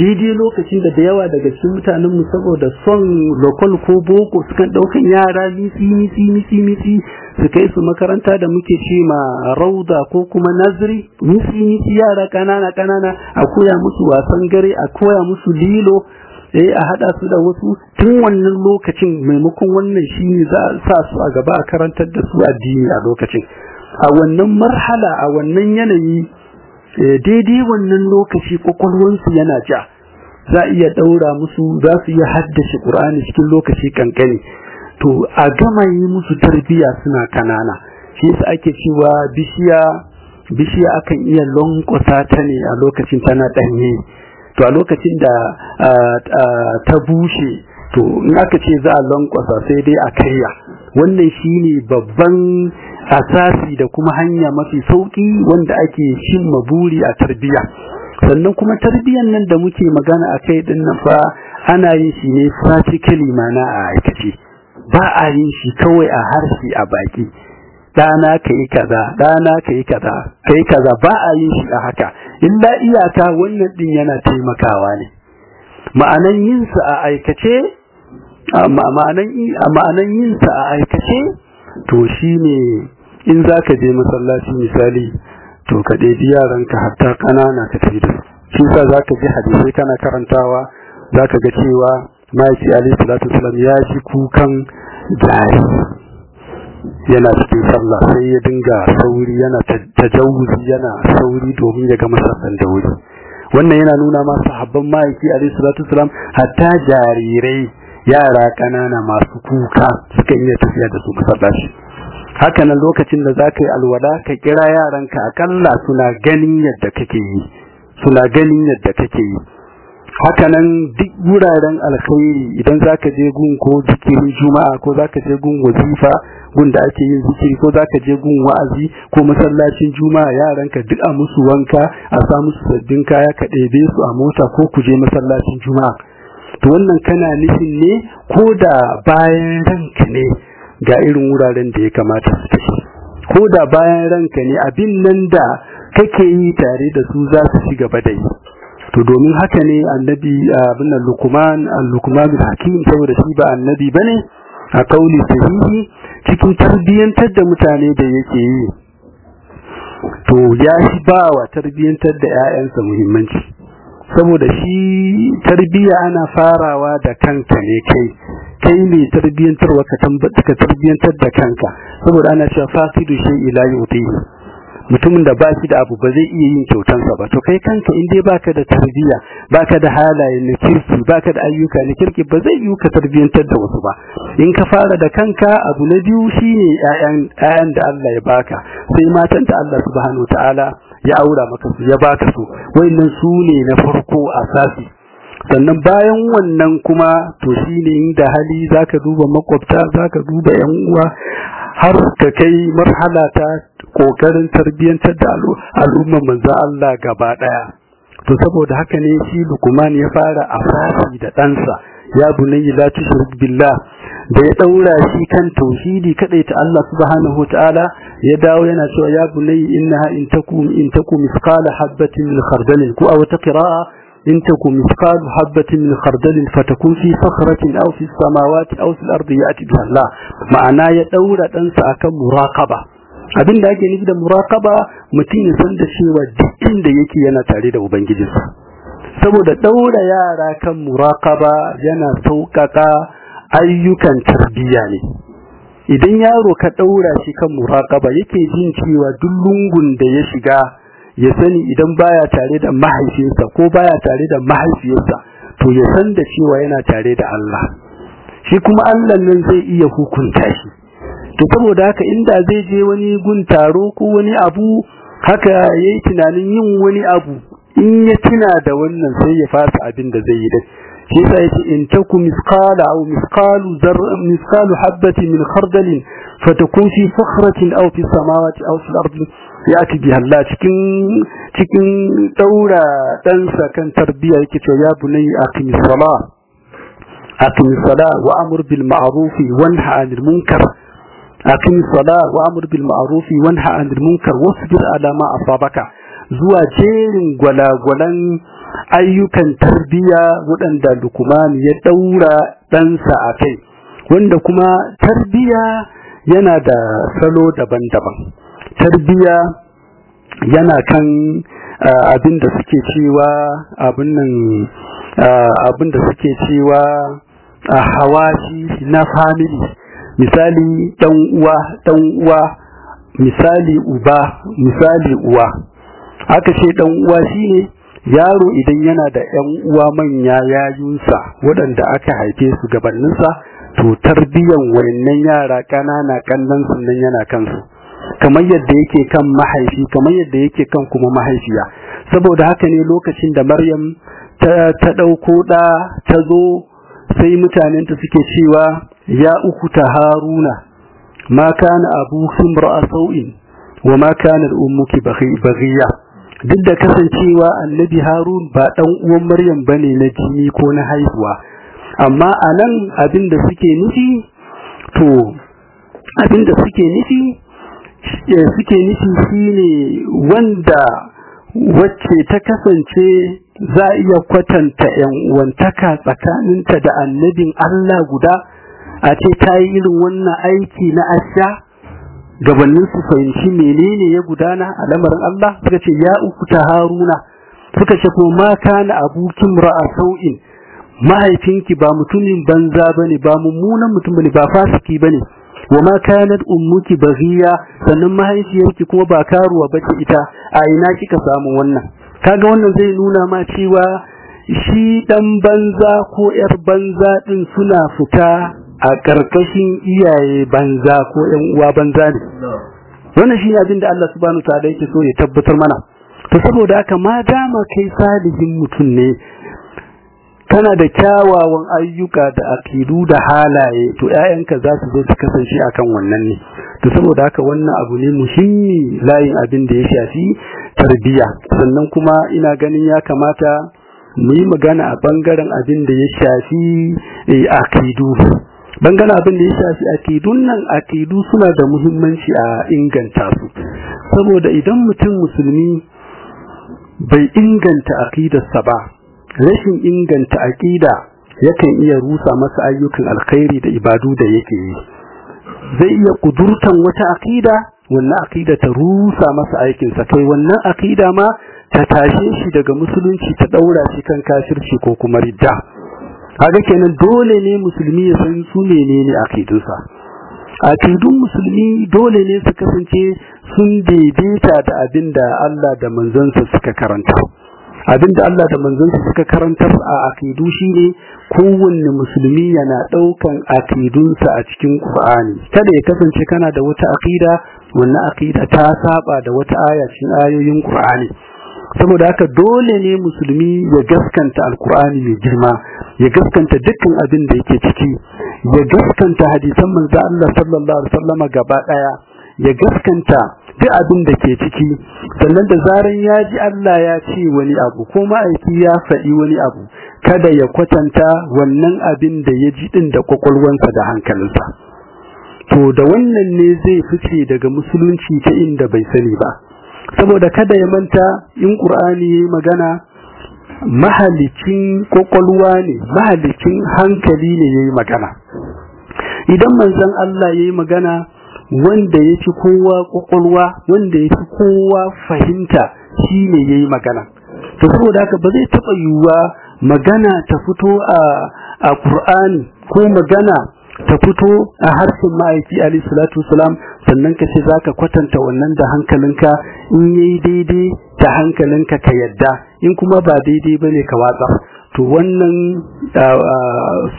daidai lokacin da da yawa daga cikin mutanenmu saboda son lokal ko boko sukan daukan yara nisi nisi nisi nisi su kai su makaranta da muke ce ma rauda ko kuma naziri nufi nufi yara kanana kanana a koya musu wasan gare a koya musu lilo eh a hada su da wasu tun wannan lokacin maimakon wannan shi ne za a sa su a gaba a karantar da su addini a lokacin a wannan marhala a wannan yanayi eh, daidai wannan lokaci kwakwalwansu yana ja za a iya daura musu za su iya haddashi ƙur'ani cikin lokaci kankani to a gama yi musu tarbiya suna kanana shi yasa ake cewa bishiya bishiya akan iya lankwasa ta ne a lokacin tana danye to a lokacin da ta bushe to in aka ce za a lankwasa sai dai a kaiya wannan shi ne babban asasi da kuma hanya mafi sauki wanda ake cimma buri a tarbiya sannan kuma tarbiyan nan da muke magana a kai din nan fa ana yin shi ne fatikali mana a aikace ba a yin shi kawai a harshe a baki dana ka yi kaza dana ka yi kaza ka yi kaza ba a yin shi a haka illa iyaka wannan din yana taimakawa ne ma'anan yinsa a aikace ma'anan yinsa a aikace to shi in zaka je masallaci misali to ka ɗebi yaranka hatta ƙanana ka tafi da shi sa za ji hadisai kana karantawa zaka ga cewa mahaifi alaihi salatu wasalam ya ji kukan jari yana cikin sallah sai ya dinga sauri yana tajawuzi yana sauri domin ya ga masallan da wuri wannan yana nuna ma sahabban mahaifi alaihi salatu wasalam hatta jarirai yara ƙanana masu kuka suka iya tafiya da su masallaci haka nan lokacin da za ka yi alwala ka kira yaranka akalla suna ganin suna ganin yadda kake yi haka nan duk wuraren alkhairi idan zaka je gun ko zikirin juma'a ko zaka je gun wazifa gun da ake yin zikiri ko zaka je gun wa'azi ko masallacin juma'a yaranka duk a musu wanka a sa musu sabbin kaya ka ɗebe su a mota ko ku je masallacin juma'a to wannan kana nufin ne ko da bayan ranka ne ga irin wuraren da ya kamata su tafi ko da bayan ranka ne abin nan da kake yi tare da su za su shiga gaba to domin haka ne annabi abin nan lukman al-lukman al-hakim saboda shi ba annabi bane a kauli sahihi cikin tarbiyyantar da mutane da yake yi to ya shi ba wa tarbiyyantar da ƴaƴansa muhimmanci saboda shi tarbiyya ana farawa da kanka ne kai kai ne tarbiyyantarwa ka tarbiyyantar da kanka saboda ana cewa fasidu shay'i la yutihi mutumin da ba da abu ba zai iya yin kyautansa ba to kai kanka in dai baka da tarbiyya baka da halaye na kirki baka da ayyuka na kirki ba zai yiwu ka tarbiyantar da wasu ba in ka fara da kanka abu na biyu shine ƴaƴan da Allah ya baka sai matan da Allah subhanahu ta'ala ya aura maka su ya baka su wayannan su ne na farko asasi sannan bayan wannan kuma to shine inda hali zaka duba makwabta zaka duba yan uwa har ka kai marhala ta kokarin tarbiyantar da al'umman manzo Allah gaba daya to saboda haka ne shi Luqman ya fara afasi da ɗansa ya bunayi la tushrik billah da ya daura shi kan tauhidi kadai ta Allah subhanahu wataala ya dawo yana cewa ya bunayi innaha in takum in takum misqala habatin min khardal ku aw taqra'a in takum misqal habatin min khardal fatakun fi sakhratin aw fi samawati aw fil ardi ya'ti biha ma'ana ya daura ɗansa akan muraqaba abin da ake nufi da muraqaba mutum ya san da cewa duk inda yake yana tare da ubangijinsa saboda ɗaura yara kan muraqaba yana sauƙaƙa ayyukan tarbiyya ne idan yaro ka ɗaura shi kan muraqaba yake jin cewa duk lungun da ya shiga ya sani idan baya tare da mahaifinsa ko baya tare da mahaifiyarsa to ya san da cewa yana tare da Allah shi kuma Allah nan zai iya hukunta shi to saboda haka inda zai je wani guntaro ko wani abu haka yayi tunanin yin wani abu in ya tuna da wannan sai ya fasa abin da zai yi da shi yasa yace in taku misqala aw misqalu zar misqalu habati min khardal fatakun fi fakhratin aw fi samawati aw fi ardi yati biha Allah cikin cikin daura dan sa kan tarbiya yake cewa ya bunayya aqimis salah aqimis salat wa amur bil ma'ruf wa nahy 'anil munkar aqim sala wa amr bil ma'ruf wa nahy anil munkar wasbir ala ma asabaka zuwa jerin gwalagwalan ayyukan tarbiya waɗanda Lukuman ya ɗaura ɗansa a kai wanda kuma tarbiya yana da salo daban-daban tarbiya yana kan abin da suke cewa abin nan abin da suke cewa a hawashi na family misali ɗan uwa ɗan uwa misali uba misali uwa aka ce ɗan uwa shine yaro idan yana da ƴan uwa manya yayunsa waɗanda aka haife su gabaninsa to tarbiyan wayannan yara ƙanana kallon nan yana kansu kamar yadda yake kan mahaifi kamar yadda yake kan kuma mahaifiya saboda haka ne lokacin da Maryam ta ɗauko dauko ta zo sai mutanenta suke cewa ya uku ta haruna ma kana abu sumra wa ma kana ummuki baghiya duk da kasancewa annabi harun ba dan uwan maryam bane na jini ko na haihuwa amma anan abin suke nufi to abinda suke nufi suke nufi shine wanda wacce ta kasance za a iya kwatanta ‘yan uwantaka tsakaninta da annabin Allah guda a ce ta yi irin wannan aiki na asha gabanin su fahimci menene ya gudana a lamarin Allah suka ce ya uku ta haruna suka ce ko ma kana abukin ra'a sau'in mahaifinki ba mutumin banza bane ba mummunan mutum bane ba fasiki bane wa ma kanat ummuki baghiya sannan mahaifiyarki kuma ba karuwa bace ita a ina kika samu wannan kaga wannan zai nuna ma cewa shi dan banza ko yar banza din suna fita a karkashin iyaye banza ko ƴan uwa banza ne wannan ne abin da Allah subhanahu ta'ala yake so ya tabbatar mana to saboda haka ma dama kai salihin mutum ne kana da kyawawan ayyuka da akidu da halaye to ƴaƴanka za su zo su kasance akan wannan ne to saboda haka wannan abu ne muhimmi layin abin da ya shafi tarbiyya sannan kuma ina ganin ya kamata mu yi magana a bangaren abin da ya shafi eh, akidu bangana abin da ya shafi akidun nan akidu suna da muhimmanci a inganta su saboda idan mutum musulmi bai inganta aqidarsa ba rashin inganta aƙida yakan iya rusa masa ayyukan alkhairi da ibadu da yake yi zai iya kudurtan wata akida wannan akida ta rusa masa aikinsa, sa kai wannan akida ma ta tashe shi daga musulunci ta daura shi kan kafirci ko kuma ridda kaga kenan dole ne musulmi ya san su menene aqidunsa akidun musulmi dole ne su kasance sun daidaita da abinda Allah da manzansa suka karanta abinda Allah da manzonsa suka karantar a akidu shine kowanne musulmi yana daukan akidunsa a cikin Qur'ani kada ya kasance kana da wata aqida wannan aqida ta saba da wata aya cikin ayoyin Qur'ani saboda haka dole ne musulmi ya gaskanta alkur'ani mai girma ya gaskanta dukkan abin da yake ciki ya gaskanta hadisan manzo Allah sallallahu alaihi Sallama gaba daya ya gaskanta duk abin da ke ciki sannan da zaran ya ji Allah ya ce wani abu ko ma'aiki ya faɗi wani abu kada ya kwatanta wannan abin da ya ji ɗin da kwakwalwansa da hankalinsa to da wannan ne zai fice daga musulunci ta inda bai sani ba saboda kada ya manta in qur'ani magana mahalicin kokolwa ne mahalicin hankali ne yayi magana idan manzon Allah yayi magana wanda yafi kowa kokolwa wanda yafi kowa fahimta shi shine yayi magana Ta saboda haka ba zai taba yiwuwa magana ta fito a a ko magana ta fito a harshen ma'aiki alayhi salatu wasalam sannan ka ce za ka kwatanta wannan da hankalinka in yi daidai da hankalinka ka yadda in kuma ba daidai ba ne ka watsa to wannan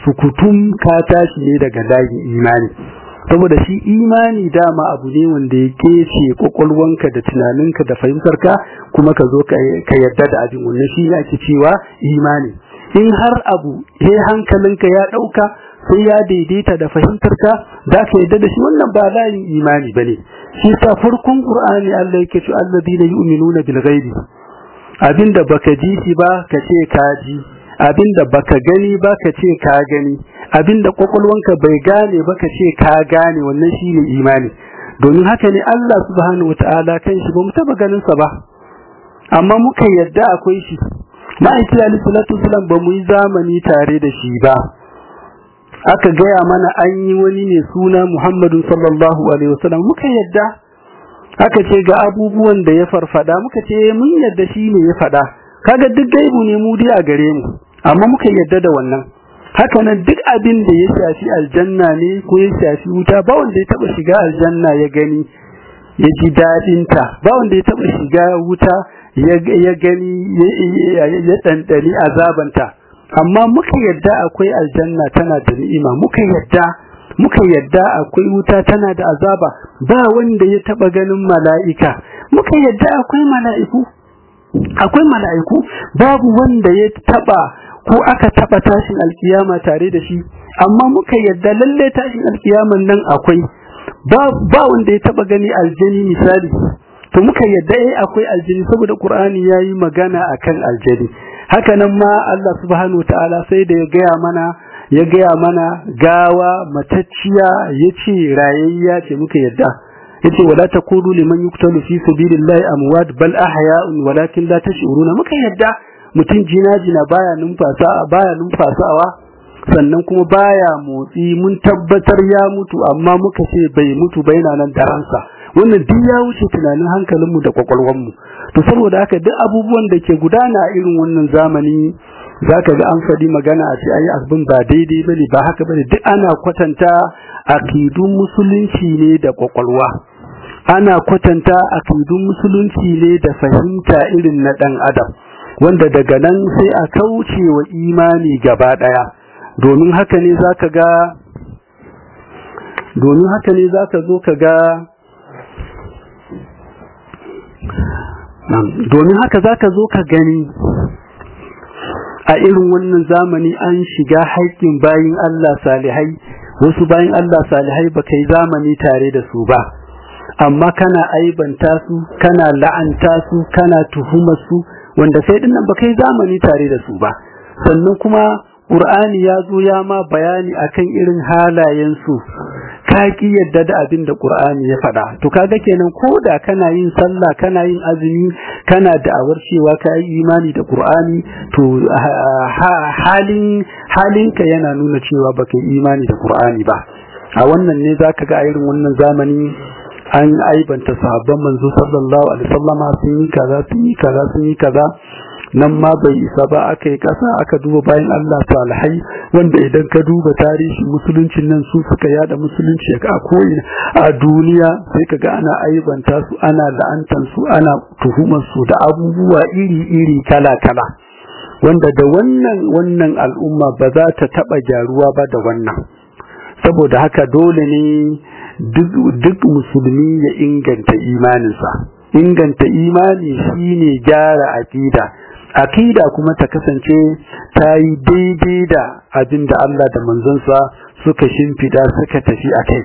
sukutun ka tashi ne daga dagi imani saboda shi imani dama abu ne wanda ya kece kwakwalwanka da tunaninka da fahimtarka kuma ka zo ka yadda da abin wannan shi ne ake cewa imani in har abu he hankalinka ya ɗauka. sai ya daidaita da fahimtarka zaka yadda da shi wannan ba za yi imani bane shi ta farkon qur'ani Allah yake cewa alladina yu'minuna bil ghaibi abinda baka ji shi ba ka ce ka ji abinda baka gani ba ka ce ka gani abinda kwakwalwanka bai gane ba ka ce ka gane wannan shine imani domin haka ne Allah subhanahu wataala kan shi ba mu taba ganin ba amma muka yadda akwai shi ma'aikiyar sallallahu alaihi ba mu yi zamani tare da shi ba aka gaya mana an yi wani ne suna Muhammadu sallallahu alaihi wasallam muka yadda aka ce ga abubuwan da ya farfada muka ce eh, mun yadda shi ne ya fada kaga duk gaibu ne mu a gare mu amma muka yadda da wannan hakanan duk abin da ya shafi aljanna ne ko ya shafi wuta ba wanda ya taba shiga aljanna ya gani ya ji dadin ba wanda ya taba shiga wuta ya gani ya dandani azabanta amma muka yadda akwai aljanna tana da ni'ima muka yadda muka yadda akwai wuta tana da azaba ba wanda ya taba ganin mala'ika muka yadda akwai mala'iku akwai mala'iku babu wanda ya taba ko aka taba tashin alkiyama tare da shi amma muka yadda lalle tashin alkiyaman nan akwai ba wanda ya taba gani aljini misali to muka yadda eh akwai aljini saboda qur'ani yayi magana akan aljini haka nan ma Allah subhanahu ta'ala sai da ya gaya mana ya gaya mana gawa matacciya yace rayayya ce muka yadda yace wala taqulu liman yuqtalu fi sabilillahi amwat bal ahya'un walakin la tash'uruna muka yadda mutum jina jina baya numfasa baya numfasawa sannan kuma baya motsi mun tabbatar ya mutu amma muka ce bai mutu ba yana nan da ransa wannan duk ya wuce tunanin hankalinmu da kwakwalwarmu to saboda haka duk abubuwan da ke gudana a irin wannan zamani zaka ga an fadi magana a ce ayi abin ba daidai bane ba haka bane duk ana kwatanta aqidun musulunci ne da kwakwalwa ana kwatanta aqidun musulunci ne da fahimta irin na dan adam wanda daga nan sai a kauce wa imani gaba daya domin haka ne zaka ga domin haka ne zaka zo ka ga domin haka za ka zo ka gani a irin wannan zamani an shiga haƙƙin bayin Allah salihai wasu bayan Allah salihai ba kai zamani tare da su ba amma kana aibanta su kana la'anta su kana tuhuma su wanda sai dinnan ba kai zamani tare da su ba sannan kuma Qur'ani ya zo ya ma bayani akan irin halayen su kaki ki yadda da abin da Qur'ani ya faɗa to kaga kenan ko da kana yin sallah kana yin azumi kana da'awar cewa ka yi imani da Qur'ani to halin halinka yana nuna cewa baka yi imani da Qur'ani ba a wannan ne zaka ga irin wannan zamani an aibanta sahabban manzo sallallahu alaihi wasallama sun yi kaza sun yi kaza sun yi kaza nan ma bai isa ba aka yi ƙasa aka duba bayan Allah salihai wanda idan ka duba tarihi musuluncin nan su suka yada musulunci a ko'ina a duniya sai ka ga ana aibanta su ana la'antar su ana tuhumar su da abubuwa iri-iri kala-kala wanda da wannan wannan al'umma ba za ta taɓa gyaruwa ba da wannan saboda haka dole ne duk musulmi ya inganta imaninsa inganta imani shine gyara aqida Akida kuma ta kasance ta yi daidai da abin da Allah da manzonsa suka shimfida suka tafi a kai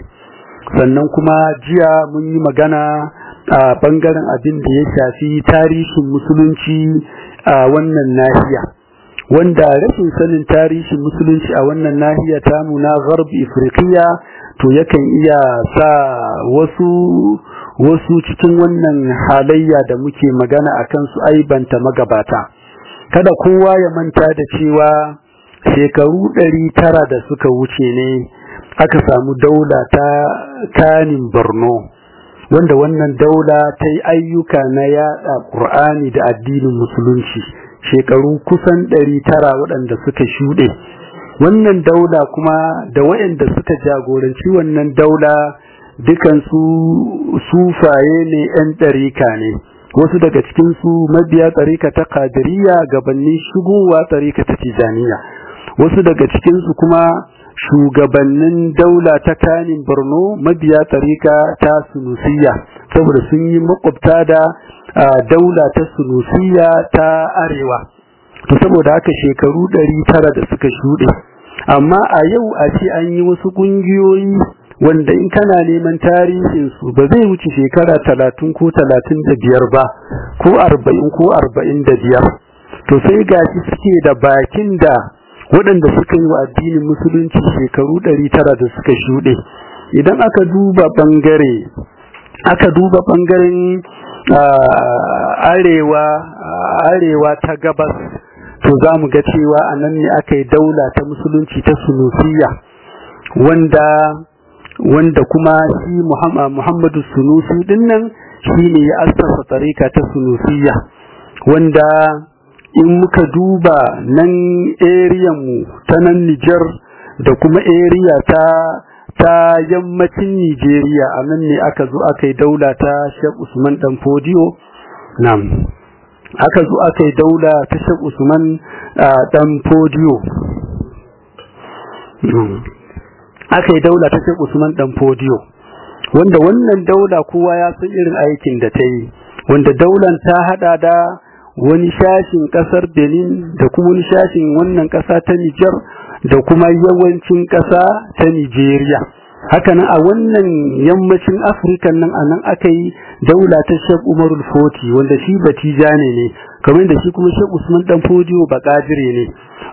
sannan kuma jiya mun yi magana a bangaren abin da ya shafi tarihin musulunci a wannan nahiya wanda rashin sanin tarihin musulunci a wannan nahiya tamu na gharb afrikiya to yakan iya sa wasu wasu cikin wannan halayya da muke magana a su aibanta magabata kada kowa ya manta da cewa shekaru ɗari tara da suka wuce ne aka samu daula ta kanin borno wanda wannan daula ta yi ayyuka na yada ƙur'ani da addinin musulunci shekaru kusan ɗari tara waɗanda suka shuɗe wannan daula kuma da waɗanda suka jagoranci wannan daula dukansu sufaye ne 'yan ɗarika ne wasu daga cikinsu su mabiya tsarika ta kadiriya gabanni shigowa tsarika ta tijaniya wasu daga cikinsu kuma shugabannin daula ta kanin Borno mabiya tsarika ta sunusiyya saboda sun yi makwabta da daula ta sunusiyya ta arewa to saboda haka shekaru 900 da suka shuɗe amma a yau a ce an yi wasu ƙungiyoyi wanda in kana neman tarihin su ba zai wuce shekara talatin ko talatin ba ko arba'in ko arba'in da biyar to sai ga gashi suke da bakin da waɗanda suka yi wa addinin musulunci shekaru ɗari tara da suka shuɗe idan aka duba ɓangare aka duba ɓangaren arewa arewa ta gabas to za mu ga cewa a nan ne aka yi daula ta musulunci ta sunusiya wanda wanda kuma shi Muhammadu Sunusi dinnan ne ya asasa tarika ta Sunusiya wanda in muka duba nan area mu ta nan Niger da kuma area ta ta yammacin Nigeria a nan ne aka zo aka yi daula ta Sheikh Usman Dan Fodio nam aka zo aka yi daula ta Sheikh Usman ah, Dan Fodio aka yi daula ta Sheikh Usman dan Fodiyo wanda wannan daula kowa ya san irin aikin da ta yi wanda daulan ta hada da wani shashin kasar Benin da kuma wani shashin wannan kasa ta Niger da kuma yawancin kasa ta Nigeria haka nan a wannan yammacin Afirka nan a aka yi daula ta Sheikh Umarul Foti wanda shi Batijane ne kamar da shi kuma Sheikh Usman dan Fodiyo Bakajire ne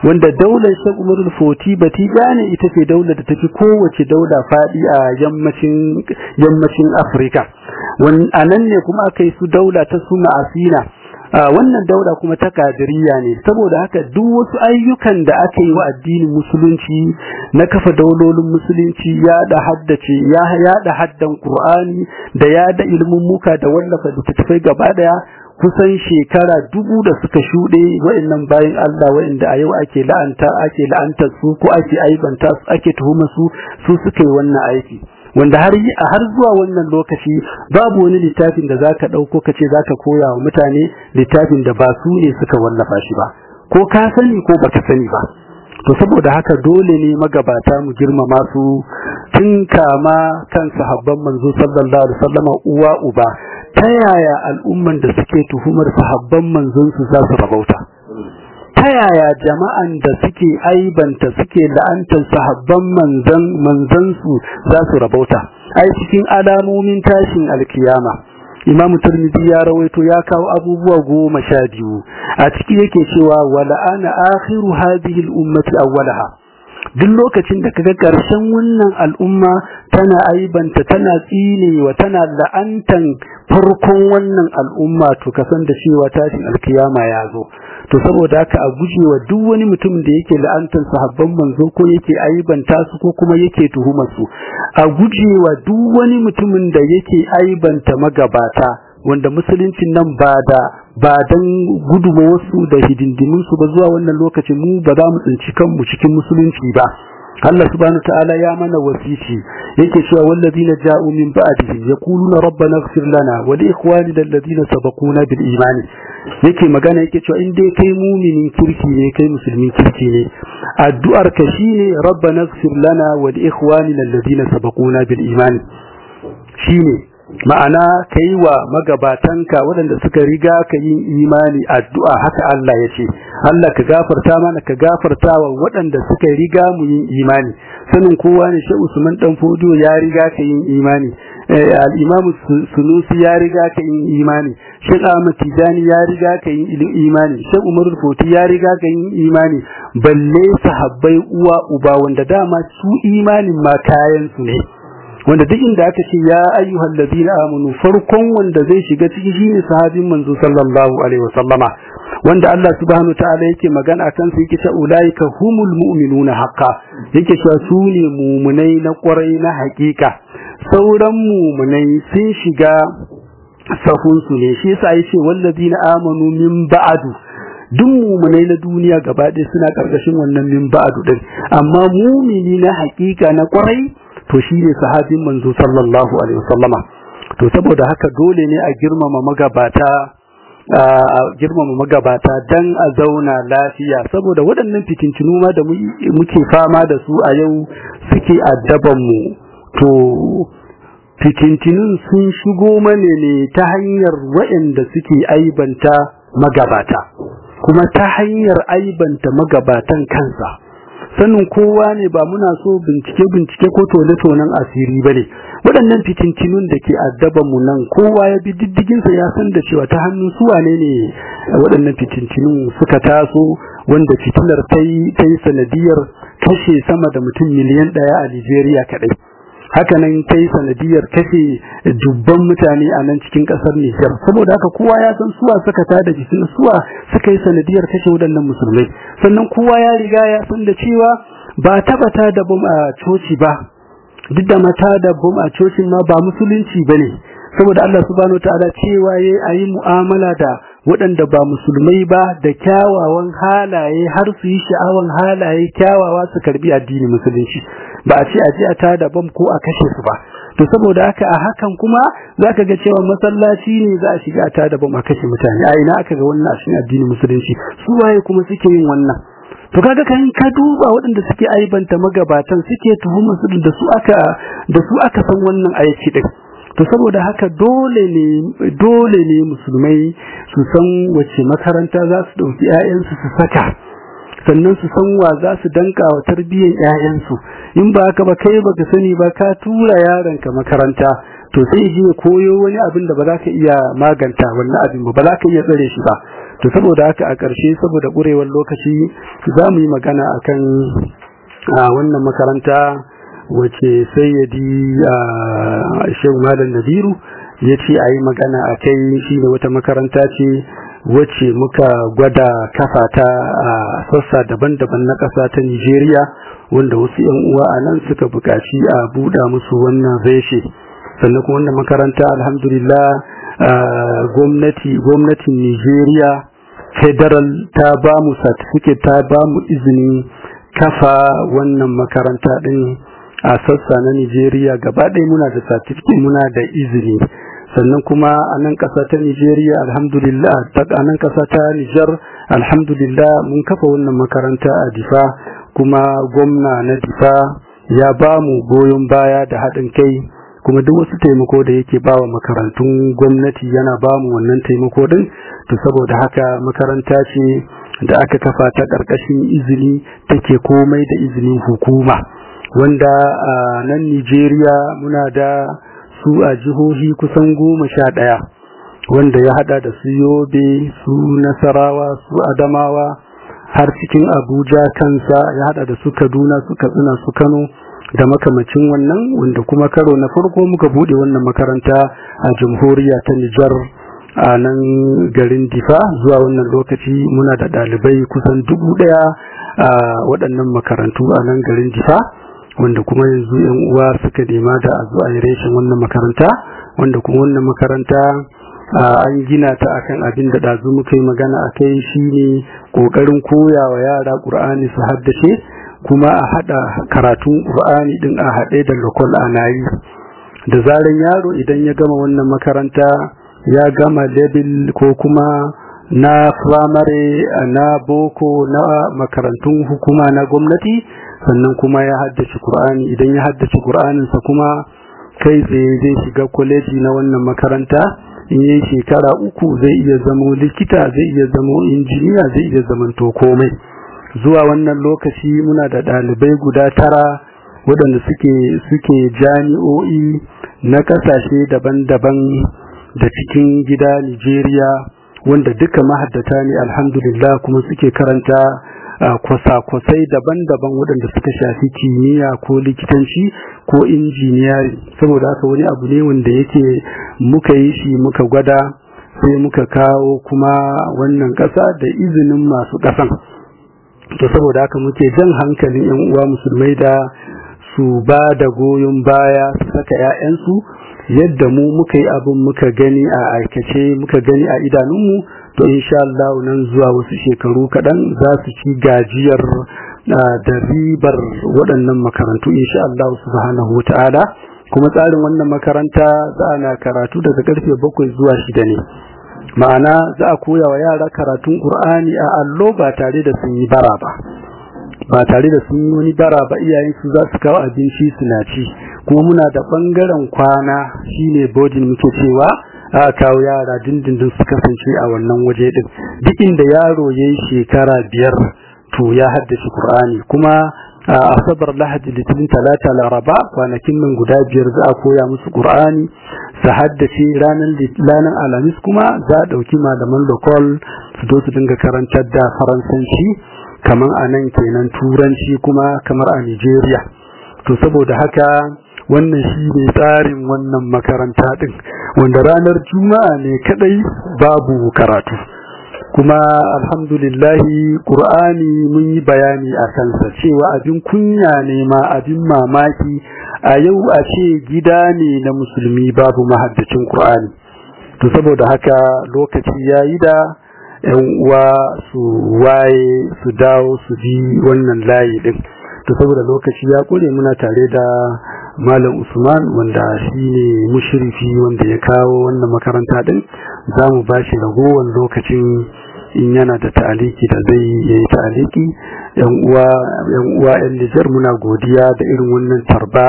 wanda daular Sheikh Umar al-Foti Batijani ita ce daular da tafi kowace daula fadi a yammacin yammacin Afirka anan ne kuma kai su daula ta Suma Asina wannan daula kuma ta kadiriya ne saboda haka duk wasu ayyukan da aka yi wa addinin musulunci na kafa daulolin musulunci ya da haddace ya ya da haddan Qur'ani da ya da ilmin muka da wallafa littattafai gaba daya kusan shekara dubu da suka shuɗe wa'annan bayan Allah wa'anda a yau ake la'anta ake la'antar su ko ake aibanta su ake tuhuma su su suka yi wannan aiki wanda har a har zuwa wannan lokaci babu wani littafin da zaka dauko kace zaka koya wa mutane littafin da ba su ne suka wallafa shi ba ko ka sani ko baka sani ba to saboda haka dole ne magabata mu girmama su tun kama kan sahabban manzo sallallahu alaihi wasallama uwa uba ta yaya al'umman da suke tuhumar sahabban manzansu za su rabauta ta yaya jama'an da suke aibanta suke la'antar sahabban manzan su za su rabauta ai cikin alamomin tashin alkiyama imamu turmidi ya rawaito ya kawo abubuwa goma sha biyu a ciki yake cewa wala ana akhiru hadhihi al-ummati awwalaha duk lokacin da kaga karshen wannan al'umma tana aibanta tana tsinewa tana la'antan farkon wannan al'umma to kasan da cewa tashin alkiyama ya zo to saboda haka a gujewa duk wani mutum da yake la'antar sahabban manzo ko yake aibanta su ko kuma yake tuhumar su a gujewa duk wani mutumin da yake aibanta magabata wanda musuluncin nan ba da ba dan guduma wasu da hidindimin su ba zuwa wannan lokacin mu ba za mu tsinci kanmu cikin musulunci ba Allah subhanahu ta'ala ya mana wasici yake cewa walladina ja'u min ba'dihim yaquluna rabbana ighfir lana wa li ikhwanina alladhina sabaquna bil iman yake magana yake cewa in dai kai muminin kirki ne kai musulmin kirki ne addu'ar ka shine rabbana ighfir lana wa li ikhwanina alladhina sabaquna bil iman shine ma'ana ka yi wa magabatanka waɗanda suka riga ka yi imani addu'a haka Allah ya ce Allah ka gafarta mana ka gafarta wa waɗanda suka riga mu yin imani sanin kowa ne shi Usman dan Fodo ya riga ka yin imani eh, al-Imam Sunusi ya riga ka yin imani shi Ahmad Tijani ya riga ka yin imani shi Umar Rufoti ya riga ka yin imani balle sahabbai uwa uba wanda dama su imanin ma kayan su ne wanda duk inda aka ce ya ayyuhal ladina amanu farkon wanda zai shiga ciki shine sahabin manzo sallallahu alaihi wasallama wanda Allah subhanahu ta'ala yake magana kan su yake cewa ulaika humul mu'minuna haqqan yake cewa su ne mu'minai na kwarai na hakika sauran mu'minai sun shiga sahun su ne shi yasa yace walladina amanu min ba'du duk muminai na duniya gaba ɗaya suna ƙarƙashin wannan min ba'adu din amma mumini na hakika na kwarai to shi ne sahabin manzo sallallahu alaihi wasallama to saboda haka dole ne a girmama magabata a girmama magabata dan a zauna lafiya saboda waɗannan fitincinu ma da muke fama da su a yau suke addaban mu to fitintinun sun shigo mana ne ta hanyar waɗanda suke aibanta magabata kuma ta hanyar aibanta magabatan kansa sanin kowa ne ba muna so bincike bincike ko tone tonen asiri ba ne waɗannan fitintinun da ke addaban mu nan kowa ya bi diddiginsa ya san da cewa ta hannun su wane ne waɗannan fitintinun suka taso wanda fitinar ta yi sanadiyar kashe sama da mutum miliyan ɗaya a Nigeria kaɗai hakanan ta yi sanadiyar kashe dubban mutane a nan cikin ƙasar Nijar saboda haka kowa ya san suwa suka tada jikin suwa suka yi sanadiyar kashe waɗannan musulmai sannan kowa ya riga ya san da cewa ba tabbata da bom a coci ba duk da mata da bom a cocin ma ba musulunci ba ne, saboda Allah subhanahu wataala cewa yayi yi mu'amala da waɗanda ba musulmai ba da kyawawan halaye har su yi sha'awan halaye kyawawa su karbi addinin musulunci ba a ce a ji a bam ko a kashe su ba to saboda haka a hakan kuma zaka ga cewa masallaci ne za a shiga a da bam a kashe mutane a ina aka ga wannan a cikin addinin musulunci su waye kuma suke yin wannan to kaga kan ka duba waɗanda suke aibanta magabatan suke tuhumar su da su aka da su aka san wannan aiki din to saboda haka dole ne dole ne musulmai su san wace makaranta za su dauki 'ya'yansu su saka sannan su san wa za su danka wa tarbiyyar ƴaƴansu in ba haka ba kai baka sani ba ka tura ka makaranta to sai ji ya koyo wani abin da ba za ka iya maganta wannan abin ba ba za ka iya tsare shi ba to saboda haka a ƙarshe saboda ƙurewar lokaci za mu yi magana akan wannan makaranta wace di a shehu malam naziru ya ce a yi magana a kai shi ne wata makaranta ce wacce muka gwada kafa ta a sassa daban-daban na ƙasa ta Nijeriya wanda wasu 'yan uwa a nan suka buƙaci a buɗa musu wannan reshe sannan kuma wannan makaranta alhamdulillah gwamnati gwamnatin Nijeriya federal ta ba mu certificate ta ba mu izini kafa wannan makaranta din a sassa na Nijeriya gaba ɗaya muna da certificate muna da izini sannan kuma a nan ƙasa ta Nigeria alhamdulillah a nan ƙasa ta Niger alhamdulillah mun kafa wannan makaranta a Difa kuma gwamna na Difa ya ba mu goyon baya da haɗin kai kuma duk wasu taimako da yake ba wa makarantun gwamnati yana ba mu wannan taimako din to saboda haka makaranta ce da aka kafa ta ƙarƙashin izini take komai da izinin hukuma wanda a nan Nigeria muna da su a jihohi kusan goma sha ɗaya wanda ya haɗa da su yobe su nasarawa su adamawa har cikin abuja kansa ya haɗa da su kaduna su katsina su kano da makamacin wannan wanda kuma karo na farko muka buɗe wannan makaranta a jamhuriya ta nijar a nan garin difa zuwa wannan lokaci muna da ɗalibai kusan dubu ɗaya a waɗannan makarantu a nan garin difa wanda kuma yanzu yan uwa suka nema da a zuwa reshen wannan makaranta wanda kuma wannan makaranta an gina ta akan abin da ɗazu muka yi magana a kai shi ne ƙoƙarin koya wa yara ƙur'ani su haddace kuma a haɗa karatun ƙur'ani ɗin a haɗe da lokal ana yi da zaran yaro idan ya gama wannan makaranta ya gama lebel ko kuma na firamare na boko na makarantun hukuma na gwamnati sannan kuma ya haddace Kur'ani idan ya haddace Qur'anin sa kuma kai tsaye zai shiga kwaleji na wannan makaranta in yi shekara uku zai iya zama likita zai iya zama injiniya zai iya zama to komai zuwa wannan lokaci muna da ɗalibai guda tara waɗanda suke suke jami'o'i na ƙasashe daban-daban da cikin gida Nigeria wanda duka mahaddata ne alhamdulillah kuma suke karanta kusa-kusai daban-daban waɗanda suka shafi kimiyya ko likitanci ko injiniyari saboda haka wani abu ne wanda yake muka yi shi muka gwada sai muka kawo kuma wannan ƙasa da izinin masu ƙasan to saboda haka muke jan hankalin 'yan uwa musulmai da su ba da goyon baya su saka 'ya'yansu yadda mu muka yi abin muka gani a aikace muka gani a idanunmu to insha Allah nan zuwa wasu shekaru kaɗan za su ci gajiyar da ribar waɗannan makarantu insha Allah subhanahu ta'ala kuma tsarin wannan makaranta za na karatu daga karfe bakwai zuwa shida ne ma'ana za a koya wa yara karatun Qur'ani a allo ba tare da sun yi bara ba ba tare da sun yi wani bara ba iyayensu za su kawo abinci suna ci kuma muna da ɓangaren kwana shine bodin muke cewa aka kawo yara dindindin su kasance a wannan waje din duk inda yaro yayi shekara biyar to ya haddace Qur'ani kuma asabar lahadi litinin talata laraba kwanakin nan guda biyar za a koya musu Qur'ani su haddace ranar Alhamis alamis kuma za a ɗauki malaman lokal su zo su dinga karantar da faransanci kamar a nan kenan turanci kuma kamar a Nigeria to saboda haka wannan shi ne tsarin wannan makaranta ɗin, wanda ranar juma'a ne kadai babu karatu kuma alhamdulillahi qur'ani mun yi bayani a kansa cewa abin kunya ne ma abin mamaki a yau a ce gida ne na musulmi babu mahaddacin ƙur'ani. to saboda haka lokaci ya yi da yan uwa su waye su dawo su bi wannan layi din to saboda lokaci ya ƙure muna tare da malam usman wanda shi ne mushirifi wanda ya kawo wannan makaranta din zamu shi ragowar lokacin in yana da ta'aliki da zai yi ta'aliki yan uwa yan Nijar muna godiya da irin wannan tarba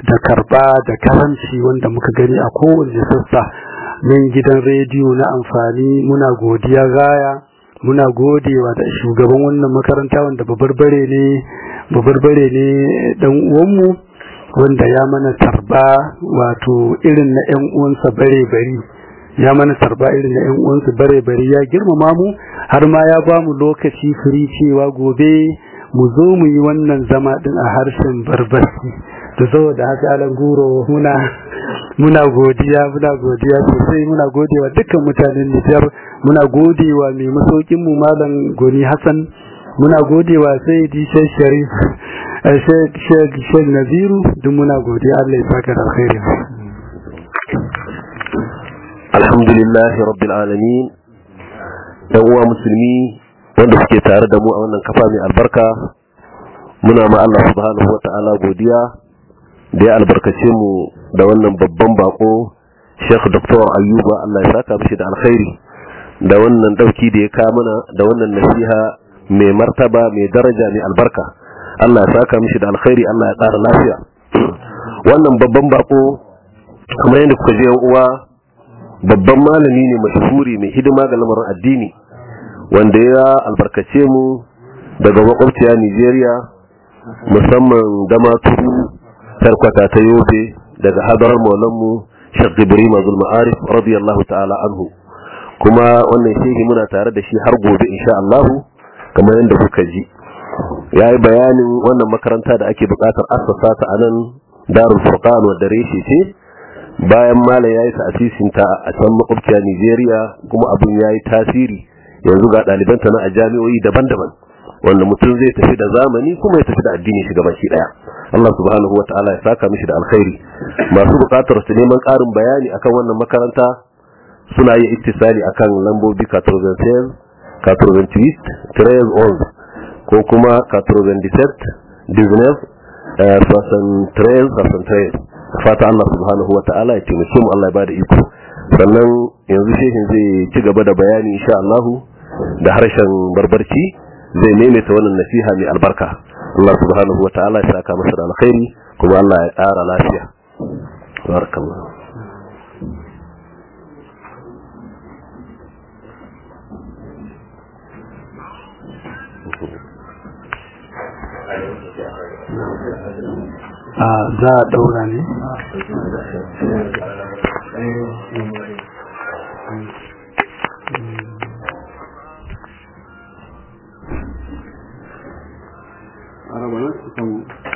da karba da karanci wanda muka gani a kowace sassa nan gidan rediyo na amfani muna godiya gaya muna godewa da shugaban wannan makaranta wanda babarbare ne babarbare ne eh, dan uwanmu wanda ya mana tarba wato irin na ƴan uwansa bare bari ya mana tarba irin na ƴan uwansa bare bari ya girmama mu har ma ya ba mu lokaci firi cewa gobe mu zo mu yi wannan zama din a harshen barbarci da saboda haka alan guro muna muna godiya muna godiya sosai muna godewa dukkan mutanen Nijar muna godewa mai masaukin mu malam Goni Hassan muna godewa sai Dishe Sharif shek eh, shek shek naziru duk muna godiya Allah ya da alkhairi alhamdulillah rabbil alamin dan uwa musulmi wanda suke tare da mu a wannan kafa mai albarka muna ma Allah subhanahu wataala godiya da ya albarkace mu da wannan babban bako Sheikh Dr. Ayuba Allah ya saka mishi da alkhairi da wannan dauki da ya ka mana da wannan nasiha mai martaba mai daraja mai albarka Allah ya saka mishi da alkhairi Allah ya ƙara lafiya wannan babban bako kamar yadda kuka je uwa babban malami ne mashhuri mai hidima ga lamarin addini wanda ya albarkace mu daga makwabciya Nigeria musamman dama tudu tarkwata ta yobe daga hadarar maulanmu Sheikh Ibrahim Abdul Ma'arif radiyallahu ta'ala anhu kuma wannan shehi muna tare da shi har gobe insha Allah kamar yadda kuka ji ya yi bayanin wannan makaranta da ake bukatar assasa ta a nan darul furkan wadda reshe ce bayan mala ya yi ta'asisinta a can makwabciya nigeria kuma abin ya yi tasiri yanzu ga ɗalibanta na a jami'o'i daban-daban wanda mutum zai tafi da zamani kuma ya tafi da addini shi baki daya Allah subhanahu wa ta'ala ya saka mishi da alkhairi masu bukatar su neman ƙarin bayani akan wannan makaranta suna yi ittisali akan lambobi 14 14 13 11 ko kuma 97 19 73 73 fata Allah subhanahu wa ta'ala ya taimake mu Allah ya bada iko sannan yanzu shehin zai ci gaba da bayani insha Allah da harshen barbarci zai ta wannan nasiha mai albarka Allah subhanahu wa ta'ala ya saka masa da alkhairi kuma Allah ya ƙara lafiya barakallahu a za a daura ne Arabalar su